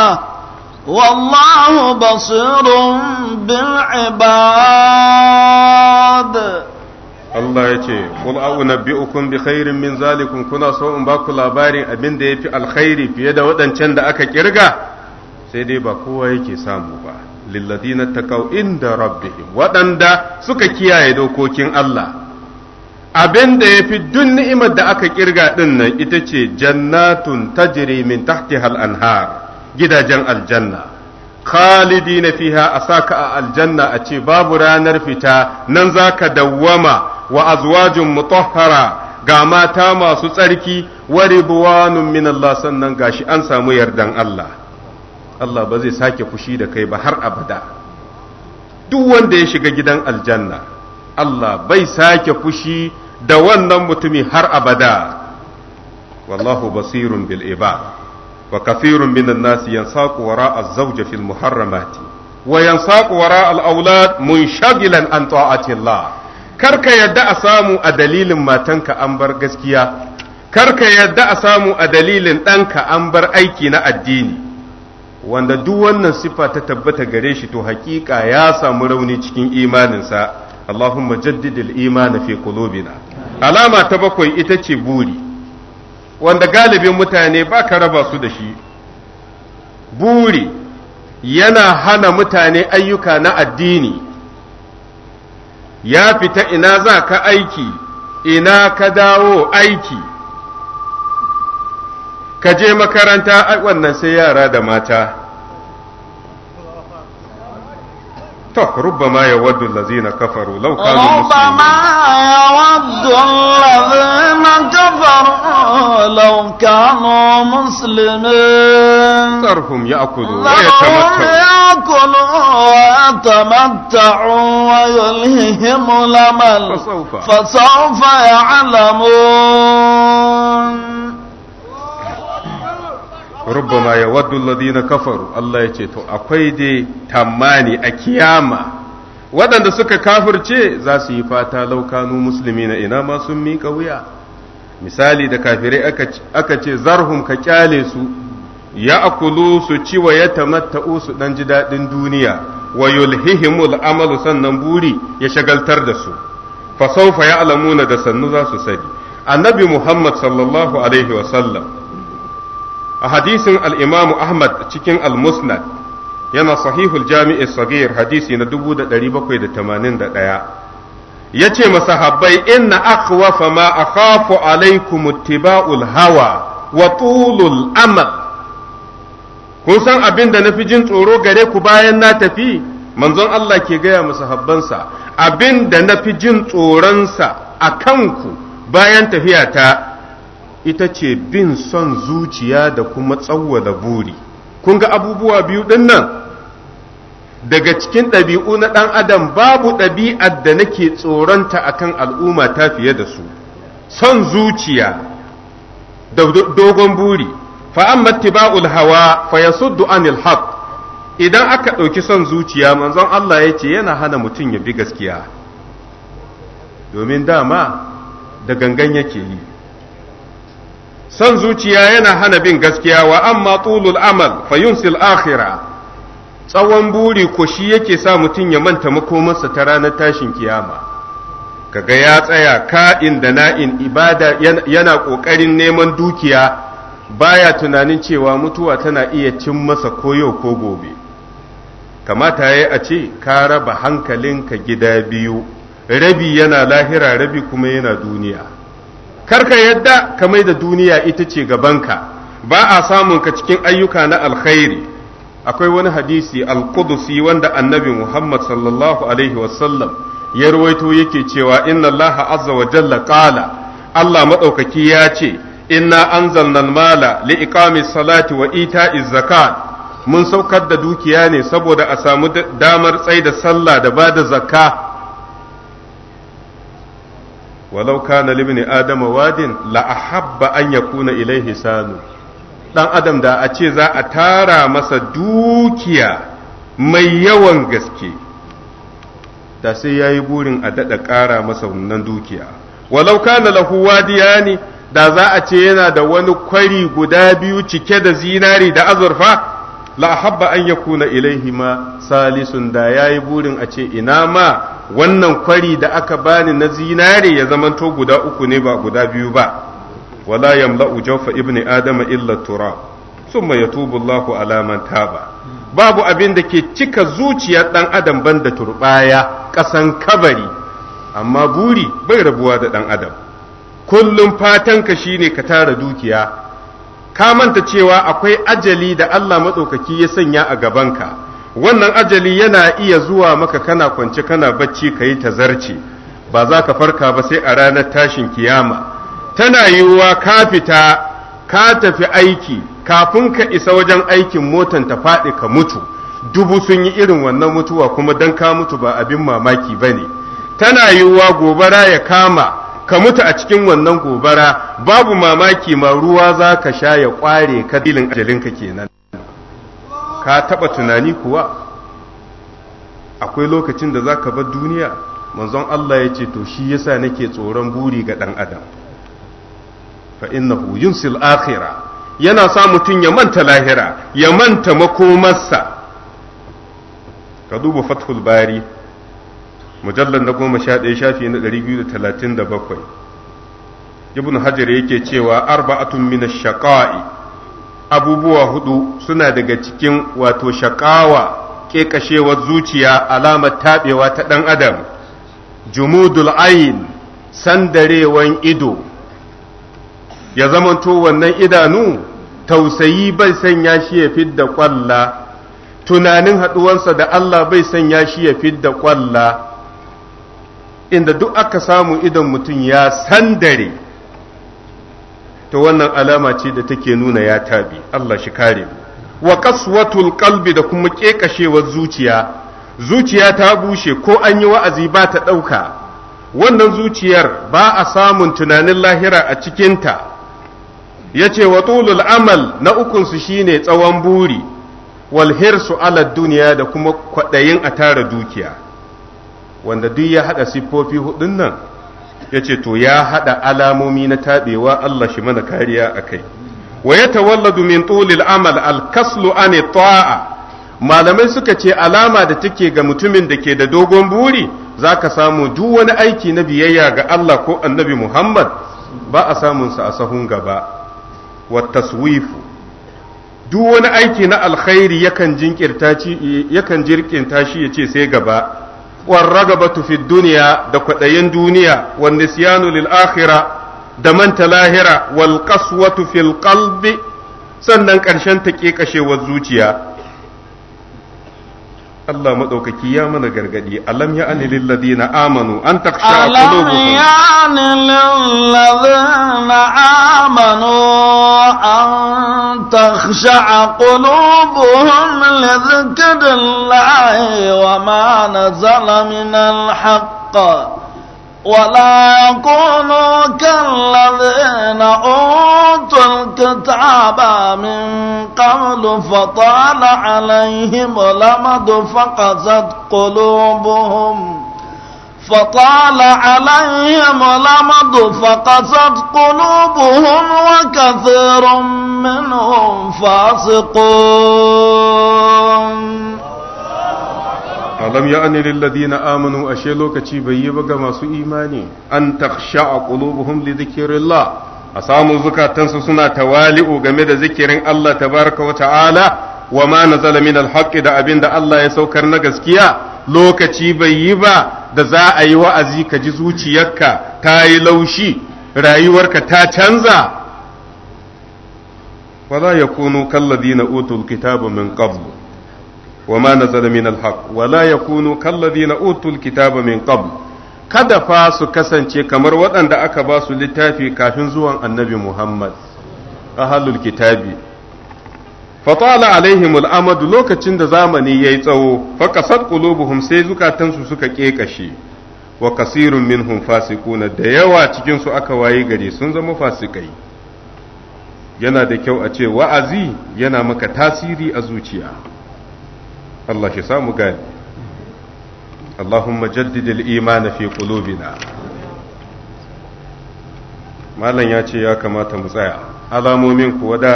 والله بصير بالعباد Allah ya ce, Kul a'unabbi'ukum bi khairin min zalikum kuna so in baku labarin abin da ya fi alkhairi fiye da waɗancan da aka kirga sai dai ba kowa yake samu ba, lilladina taqaw inda rabbihim waɗanda suka kiyaye dokokin Allah. abin da ya fi duk ni'imar da aka kirga ɗin nan ita ce jannatun tajri min hal al-anhar gidajen aljanna khalidi na fiha ka a aljanna a ce babu ranar fita nan za ka dawwama wa azwajun mutahhara ga mata masu tsarki wa ribwanun min Allah sannan gashi an samu yardan Allah Allah ba zai sake fushi da kai ba har abada duk wanda ya shiga gidan aljanna Allah bai sake fushi da wannan mutumi har abada wallahu basirun bil ibad wa kafirun minan nasi yansaqu wara az-zawj fil muharramati wa yansaqu wara al-awlad munshagilan an ta'ati Allah karka yadda a samu a dalilin matanka an bar gaskiya karka yadda a samu a dalilin ɗanka an bar aiki na addini wanda duk wannan siffa ta tabbata gare shi to hakika ya samu rauni cikin imaninsa Allahumma jaddidil imani fi qulubina alama ta bakwai ita ce buri wanda galibin mutane ba ka raba su da shi buri yana hana mutane ayyuka na addini ya fita ina za ka aiki ina ka dawo aiki ka je makaranta wannan sai yara da mata طب ربما يود الذين كفروا لو كانوا مسلمين ربما يود الذين كفروا لو كانوا مسلمين ترهم يأكلوا ويتمتعوا يأكلوا ويتمتعوا ويلههم الأمل فسوف فسوف يعلمون rubbama ya waddu Ladina kafaru Allah ya ce to akwai dai tamani a kiyama waɗanda suka kafirce za su yi fata laukanu musulmi na ina ma miƙa wuya misali da kafirai aka ce zarhum ka kyale su ya akulu su ci wa ya tamatta'u su dan ji daɗin duniya wa yulhihimul amalu sannan buri ya shagaltar da su fa sawfa ya'lamuna da sannu za su sani annabi muhammad sallallahu alaihi wa sallam a hadisin al'imamu ahmad cikin al-musnad yana sahihul Jami'in sagir hadisi na dubu 1781 ya ce masahabbai inna akhwafa ma akhafu alaikum ittiba'ul hawa wa tulul amal kun san abin da na fi jin tsoro gare ku bayan na tafi manzon Allah ke gaya masahabbansa abin da na fi jin sa a kanku bayan tafiya ta. ita ce bin son zuciya da kuma tsawwala buri kun ga abubuwa biyu din nan daga cikin ɗabi'u na ɗan adam babu ɗabi'ar da nake tsoronta akan al'umma ta fiye da su son zuciya da dogon buri fa'an mattiba'ul hawa fa ya yasuddu anil haq idan aka ɗauki son zuciya manzon Allah ya ce yana hana mutum ya bi gaskiya domin dama da gangan yake yi san zuciya yana hana bin gaskiya wa amma tulul amal fa yunsil akhira tsawon buri ko shi yake sa mutum ya manta makomarsa ta ranar tashin kiyama kaga ya tsaya ka'in da na'in ibada yana ƙoƙarin neman dukiya baya tunanin cewa mutuwa tana iya cin masa koyo ko gobe kamata ya a ce ka raba hankalinka gida biyu rabi yana lahira rabi kuma yana duniya karka yadda ka mai da duniya ita ce gabanka ba a samun ka cikin ayyuka na alkhairi akwai wani hadisi alqudusi wanda annabi Muhammad sallallahu alaihi wasallam ya ruwaito yake cewa inna Allah azza wa jalla qala Allah maɗaukaki ya ce inna anzalna mala li iqamis salati wa ita'iz zakat mun saukar da dukiya ne saboda a samu damar tsaida sallah da bada zaka. walau kana libni adama wadin la ahabba an yakuna ilaihi sanu dan adam da a ce za a tara masa dukiya mai yawan gaske da sai yayi burin a dada ƙara masa wannan dukiya walau kana lahu wadiyani da za a ce yana da wani kwari guda biyu cike da zinari da azurfa la habba an yakuna ilaihi ma salisun da yayi burin a ce ina ma wannan kwari da aka bani na zinare ya zamanto guda uku ne ba guda biyu ba wala yamla'u jawfa ibni adama illa tura summa yatubu Allahu ala man taba babu abin da ke cika zuciyar dan adam banda turbaya kasan kabari amma buri bai rabuwa da dan adam kullum fatan fatanka shine ka tara dukiya ka manta cewa akwai ajali da Allah maɗaukaki ya sanya a gabanka wannan ajali yana iya zuwa maka kana kwance kana bacci ka yi tazarci ba za ka farka ba sai a ranar tashin kiyama tana yiwuwa ka fita ka tafi aiki kafin ka isa wajen aikin motan ta faɗi ka mutu dubu sun yi irin wannan mutuwa kuma don ka mutu ba abin mamaki ba ne tana yiwuwa gobara ya kama ka mutu a cikin wannan gobara babu mamaki ma ruwa za ka sha ya ƙware ka dilin ajalinka kenan ka taɓa tunani kuwa akwai lokacin da za ka bar duniya manzon Allah ya ce to shi yasa nake tsoron buri ga ɗan adam fa innahu yunsil akhira yana sa mutum ya manta lahira ya manta makomarsa ka duba fathul bari mujallar na goma sha ɗaya shafi na ɗari biyu da talatin da bakwai ibn hajar yake cewa arba'atun min shaqa'i abubuwa hudu suna daga cikin wato shakawa ƙeƙashewar zuciya alamar taɓewa ta ɗan adam jumudul ayin sandarewan ido ya zamanto wannan idanu tausayi bai sanya shi ya fidda kwalla tunanin haɗuwansa da Allah bai sanya shi ya fidda kwalla inda duk aka samu idon mutum ya sandare to wannan alama ce da take nuna ya tabi Allah shi kare wa qaswatul qalbi da kuma kekashewar zuciya zuciya ta bushe ko an yi wa'azi ba ta ɗauka wannan zuciyar ba a samun tunanin lahira a cikinta ya ce wa tulul amal na ukunsu shine tsawon buri wal hirsu ala duniya da kuma kwaɗayin a tara dukiya wanda duk ya haɗa siffofi hudun nan ya ce to ya haɗa alamomi na taɓewa Allah shi mana kariya a kai wa ya tawalladu min tulil amal al kaslu an ta'a malamai suka ce alama da take ga mutumin da ke da dogon buri za ka samu duk wani aiki na biyayya ga Allah ko Annabi Muhammad ba a samun sa a sahun gaba wa taswifu duk wani aiki na alkhairi yakan jinkirta shi yakan jirkinta shi yace sai gaba warragabatu fi duniya da kwaɗayin duniya wan nisyanu lil akhira da manta lahira wal qaswatu fil qalbi sannan ƙarshen ta kekashewar zuciya Allah maɗaukaki ya mana gargadi alam ya ani lilladina amanu an taksha qulubuhum alam ya ani lilladina amanu an taksha qulubuhum li dhikrillahi wa ma nazala min al-haqq ولا يكونوا كالذين أوتوا الكتاب من قبل فطال عليهم الأمد فقست قلوبهم فطال عليهم الأمد فقست قلوبهم وكثير منهم فاسقون alam ya ani lilladina amanu ashe lokaci bai yi ba ga masu imani an a qulubuhum li dhikrillah a samu zukatansu suna tawali'u game da zikirin Allah tabaraka wa ta'ala wa ma nazala min alhaqqi da abinda Allah ya saukar na gaskiya lokaci bai yi ba da za a yi wa'azi ka ji zuciyarka ta yi laushi rayuwarka ta canza wala yakunu kalladina utul kitaba min qablu wa ma من الحق ولا wa كالذين yakunu الكتاب utul kitaba min qabl kada fa su kasance kamar waɗanda aka ba su littafi kafin zuwan annabi Muhammad ahlul kitabi fatala alaihim al'amadu lokacin da zamani yayi tsawo fa qasat qulubuhum sai zukatansu suka kekashe wa kasirun minhum fasikuna da yawa cikin su aka wayi gari sun zama fasikai yana da kyau a ce wa'azi yana maka tasiri a zuciya Allah shi samu gani Allahumma jaddidil imana fi qulubina malam ya ce ya kamata mu tsaya alamomin kuwa da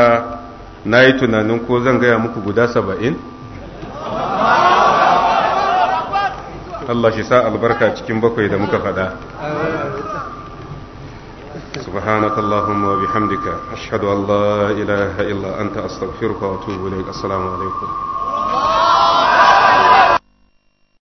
na yi tunanin ko zan gaya muku guda saba'in Allah shi sa albarka cikin bakwai da muka faɗa سبحانك اللهم وبحمدك أشهد أن لا إله إلا أنت أستغفرك وأتوب إليك السلام عليكم